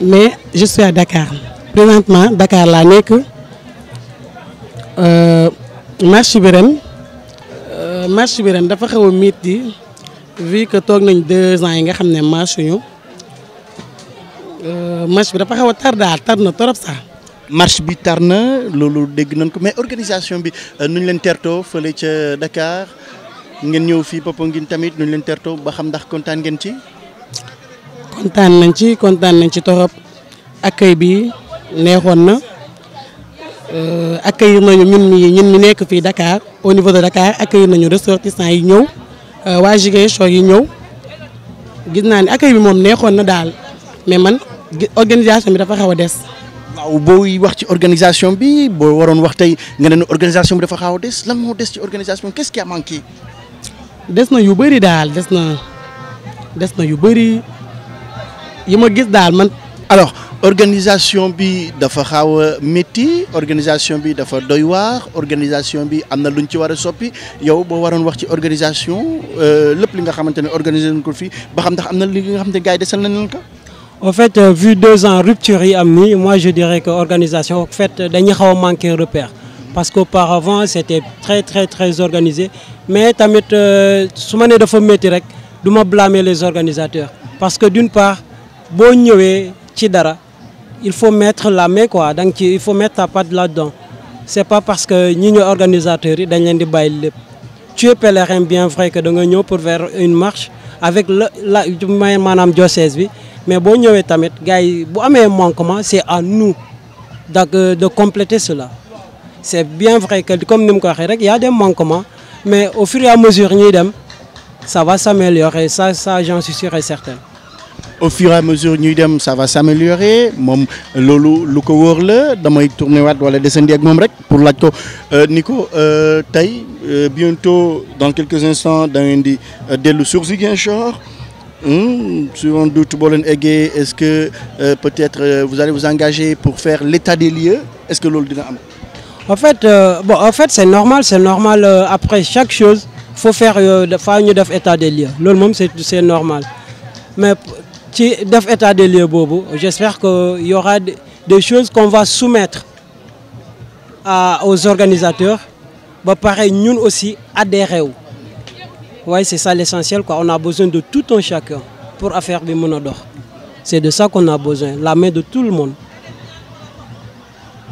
mais je suis à Dakar présentement Dakar l'année que Euh, marché bi ren euh, marché bi ren dafa xew a métti vu que toog nañ deux ans yi nga xam ne marché ñu euh, marché bi dafa xew a tar daal tar na trop sax. marche bi tar na loolu dégg nañ ko mais organisation bi nu ñu leen tertoo fële ca Dakar ngeen ñëw fii Popenguine tamit nu ñu leen tertoo ba xam ndax kontaan ngeen ci. kontaan nañ ci kontaan nañ ci torop accueil bi neexoon na. Euh, accueillir nañu ñun mi ñun mi nekk fii Dakar au niveau de Dakar accueillir nañu ressortissants yi ñëw euh, waa Ziguinchor yi ñëw gis naa ne accueil bi moom neexoon na daal mais man organisation bi dafa xaw a des. waaw booy wax ci organisation bi boo waroon wax tey nga ne organisation bi dafa xaw a des lan moo des ci organisation qu'est-ce qui ki des na yu bëri daal des na des na yu bëri yi ma gis daal man alors. organisation bi dafa xaaw a organisation bi dafa doy organisation bi amna luñ ci wara a soppi yow bo waroon wax ci organisation euh, lepp li nga xamanteni organiser nañ ko fi ba xam ndax amna li nga xamanteni ne gars nañ en fait euh, vu deux ans rupture yi am ni moi je dirais que organisation en fait dañuy xaw a manqué repère parce qu'auparavant c'était très très très organisé mais tamit euh, su ma nee dafa metti rek duma blâmer les organisateurs parce que d'une part bo ñëwé ci dara il faut mettre la main quoi Donc il faut mettre ta patte là-dedans c'est pas parce que nous, sommes organisateurs tu es pèlerin bien vrai que nous nga pour faire une marche avec la madame mais boo nous tamit gars manquement c'est à nous de compléter cela c'est bien vrai que comme nous avons y a des manquements mais au fur et à mesure ça va s'améliorer ça ça j'en suis sûr et certain au fur et à mesure ñuy dem ça va s'améliorer mom lolu lu ko wóor la damay tourner wat wala descendre ak nous. rek pour la ko euh, niko euh, euh bientôt dans quelques instants dans indi euh, delu sur Ziguinchor hmm, sur un doute boo est-ce que peut-être vous allez vous engager pour faire l'état des lieux est-ce que loolu dina en fait bon en fait c'est normal c'est normal après chaque chose faut faire l'état ñu état des lieux loolu même c'est c'est normal mais ci état des j'espère qu'il y aura des choses qu'on va soumettre aux organisateurs Pareil, nous aussi adhérons. c'est ça l'essentiel on a besoin de tout un chacun pour faire du mën c'est de ça qu'on a besoin la main de tout le monde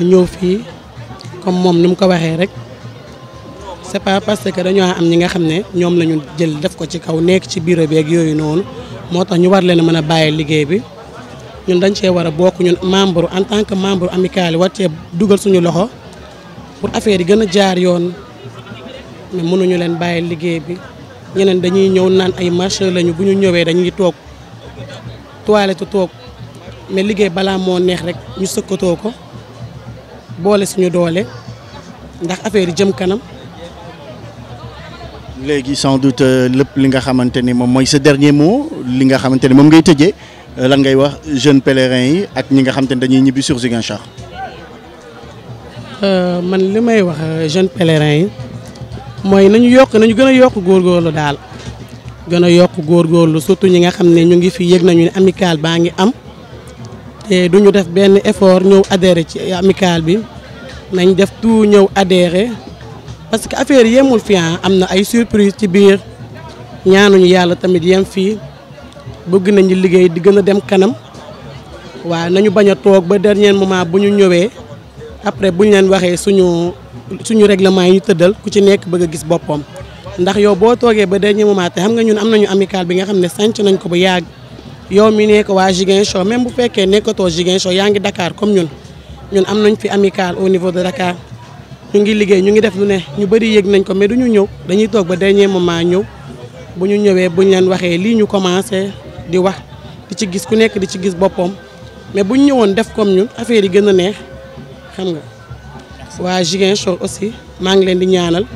ñu ñëw fii comme moom ni mu ko waxee rek c'est pas parce que dañoo am ñi nga xam ne ñoom la ñu jël def ko ci kaw nekk ci bureau bi ak yooyu noonu moo tax ñu war leen a mën a bàyyi liggéey bi ñun dañ cee war a bokk ñun membre en tant que membre amical war cee dugal suñu loxo pour affaire yi gën a jaar yoon mënuñu leen bàyyi liggéey bi ñeneen dañuy ñëw naan ay marché lañu bu ñu ñëwee dañuy toog toilette toog mais liggéey balaa moo neex rek ñu sëkkatoo ko. boole si suñu doole ndax affaire yi jëm kanam. léegi sans doute euh, lépp li nga xamante ni moom mooy sa dernier mot li nga xamante ni moom ngay tëje euh, lan ngay wax jeunes pèlerins yi ak ñi nga xamante ni dañuy ñibbi sur Ziguinchor. Euh, man li may wax jeunes pèlerins yi mooy nañu yokk nañu gën a yokk góor góorgóorlu daal gën a yokk góor góor góorgóorlu surtout ñi nga xam ne ñu ngi fi yëg nañu ne amicale baa ngi am. duñu def ben effort ñeu ya ci amical bi nañ def tout ñeu adhérer parce que affaire yemul fi ah, am na ay surprise ci biir ñaanuñu yalla tamit yem fi bëgg nañu liggéey di gëna dem kanam wa nañu baña tok ba dernier moment buñu ñëwé après buñu len waxé suñu suñu règlement yi teudal ku ci nekk bëgg gis bopom ndax yow bo togué ba dernier moment té xam nga ñun amna ñu amical bi nga xamné nañ ko bu yagg yow mi nekk waa Ziguinchor même bu fekkee nekkatoo Ziguinchor yaa ngi Dakar comme ñun ñun am nañ fi amical au niveau de Dakar ñu ngi liggéey ñu ngi def lu ne ñu bëri yëg nañ ko mais du ñu ñëw dañuy toog ba dernier moment ñëw bu ñu ñëwee buñ ñu leen waxee lii ñu commencé di wax di ci gis ku nekk di ci gis boppam mais bu ñu ñëwoon def comme ñun affaire yi gën a neex xam nga waa Ziguinchor aussi maa ngi leen di ñaanal.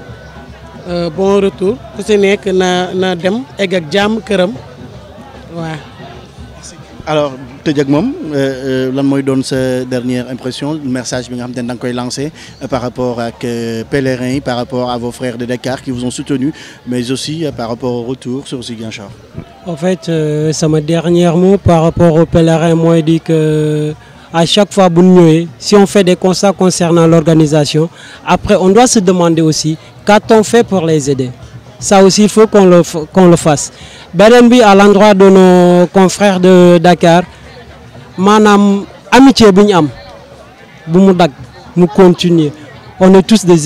Euh, bon retour ku si nekk na na dem egg ak këram waaw alors tëj Mom, euh, euh, lan dernière impression message que nga xam lancé euh, par rapport à pèlerins par rapport à vos frères de Dakar qui vous ont soutenu mais aussi par rapport au retour sur Ziguinchor. en fait c'est ma dernier mot par rapport aux pèlerins moi je que à chaque fois bu si on fait des constats concernant l'organisation après on doit se demander aussi qu'a-t-on fait pour les aider. Ça aussi, il faut qu'on le, qu'on le, fasse. Berenbi, à l'endroit de nos confrères de Dakar, manam amitié nous continuons. On est tous des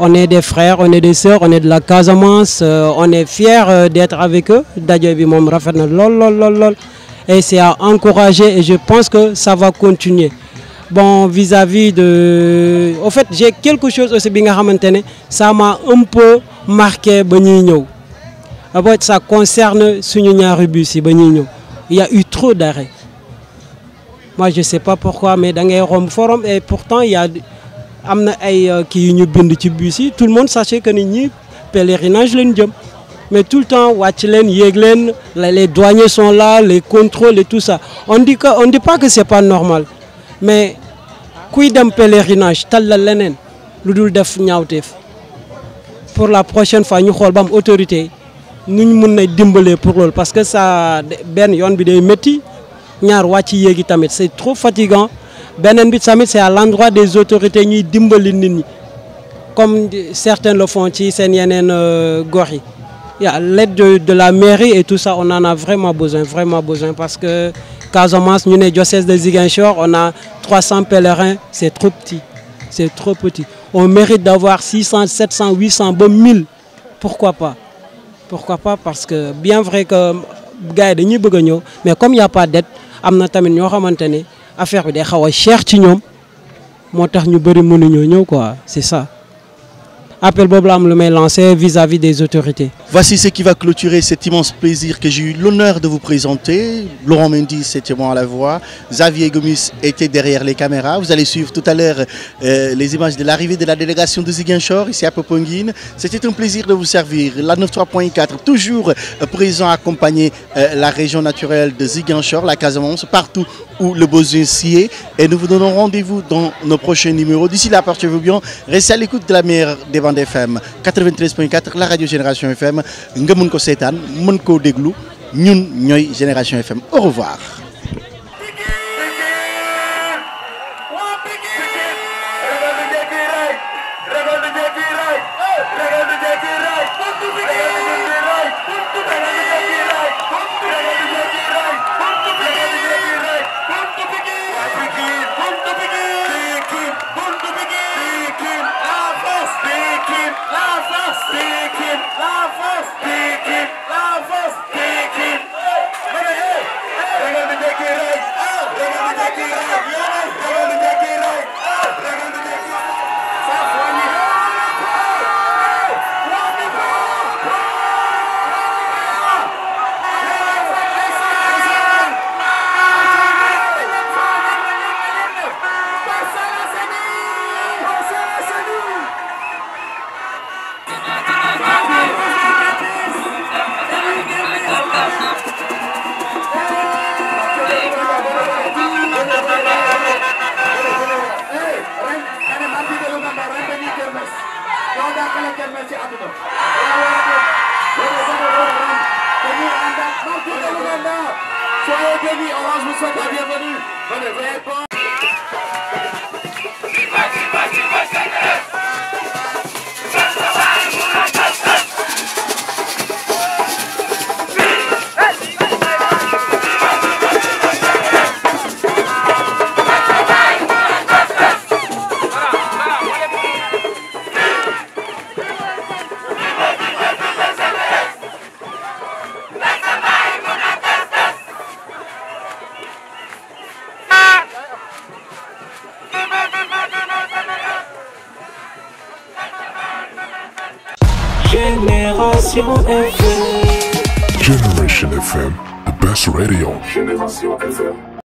On est des frères, on est des sœurs, on est de la Casamance, euh, on est fiers euh, d'être avec eux. Et c'est à encourager et je pense que ça va continuer bon vis-à-vis de au fait j'ai quelque chose aussi bi ça m'a un peu marqué ba ça concerne suñu Rubus, bus yi il y a eu trop d'arrêts moi je sais pas pourquoi mais dans les roms forum et pourtant il y a des ay ont euh, ñu tout le monde savait que nous, ñi pèlerinage des jëm mais tout le temps les douaniers sont là les contrôles et tout ça on dit dit pas que c'est pas normal mais kuy dem pèlerinage tallal leneen lu dul def ñaawteef pour la prochaine fois ñu xol ba autorité nous ñu mun na pour lool parce que ça ben yon bi day metti ñaar wàcc yegi tamit c'est trop fatigant benen bi tamit c'est à l'endroit des autorités ñuy dimbali nit ñi comme certains le font ci sen yenen euh, gox yi l'aide de, de la mairie et tout ça on en a vraiment besoin vraiment besoin parce que Casamance, nous sommes diocèse de Ziguinchor, on a 300 pèlerins, c'est trop petit. C'est trop petit. On mérite d'avoir 600, 700, 800, bon 1000. Pourquoi pas Pourquoi pas Parce que bien vrai que gars dañuy bëgg mais comme il n'y a pas dette on affaire bi day xaw a choses. c'est ça appel Boblam le met lancé vis-à-vis des autorités. voici ce qui va clôturer cet immense plaisir que j'ai eu l'honneur de vous présenter Laurent Mendy c'était moi à la voix Xavier Gomis était derrière les caméras vous allez suivre tout à l'heure euh, les images de l'arrivée de la délégation de Ziguinchor ici à Poponguine. c'était un plaisir de vous servir la 93.4 toujours présent accompagner euh, la région naturelle de Ziguinchor la Casamance partout où le besoin s'y est et nous vous donnons rendez-vous dans nos prochains numéros d'ici là portez-vous bien restez à l'écoute de la meilleure débat d'FM FM 93.4 la radio Génération FM nga mën ko seetaan mën ko déglu ñun Génération FM au revoir.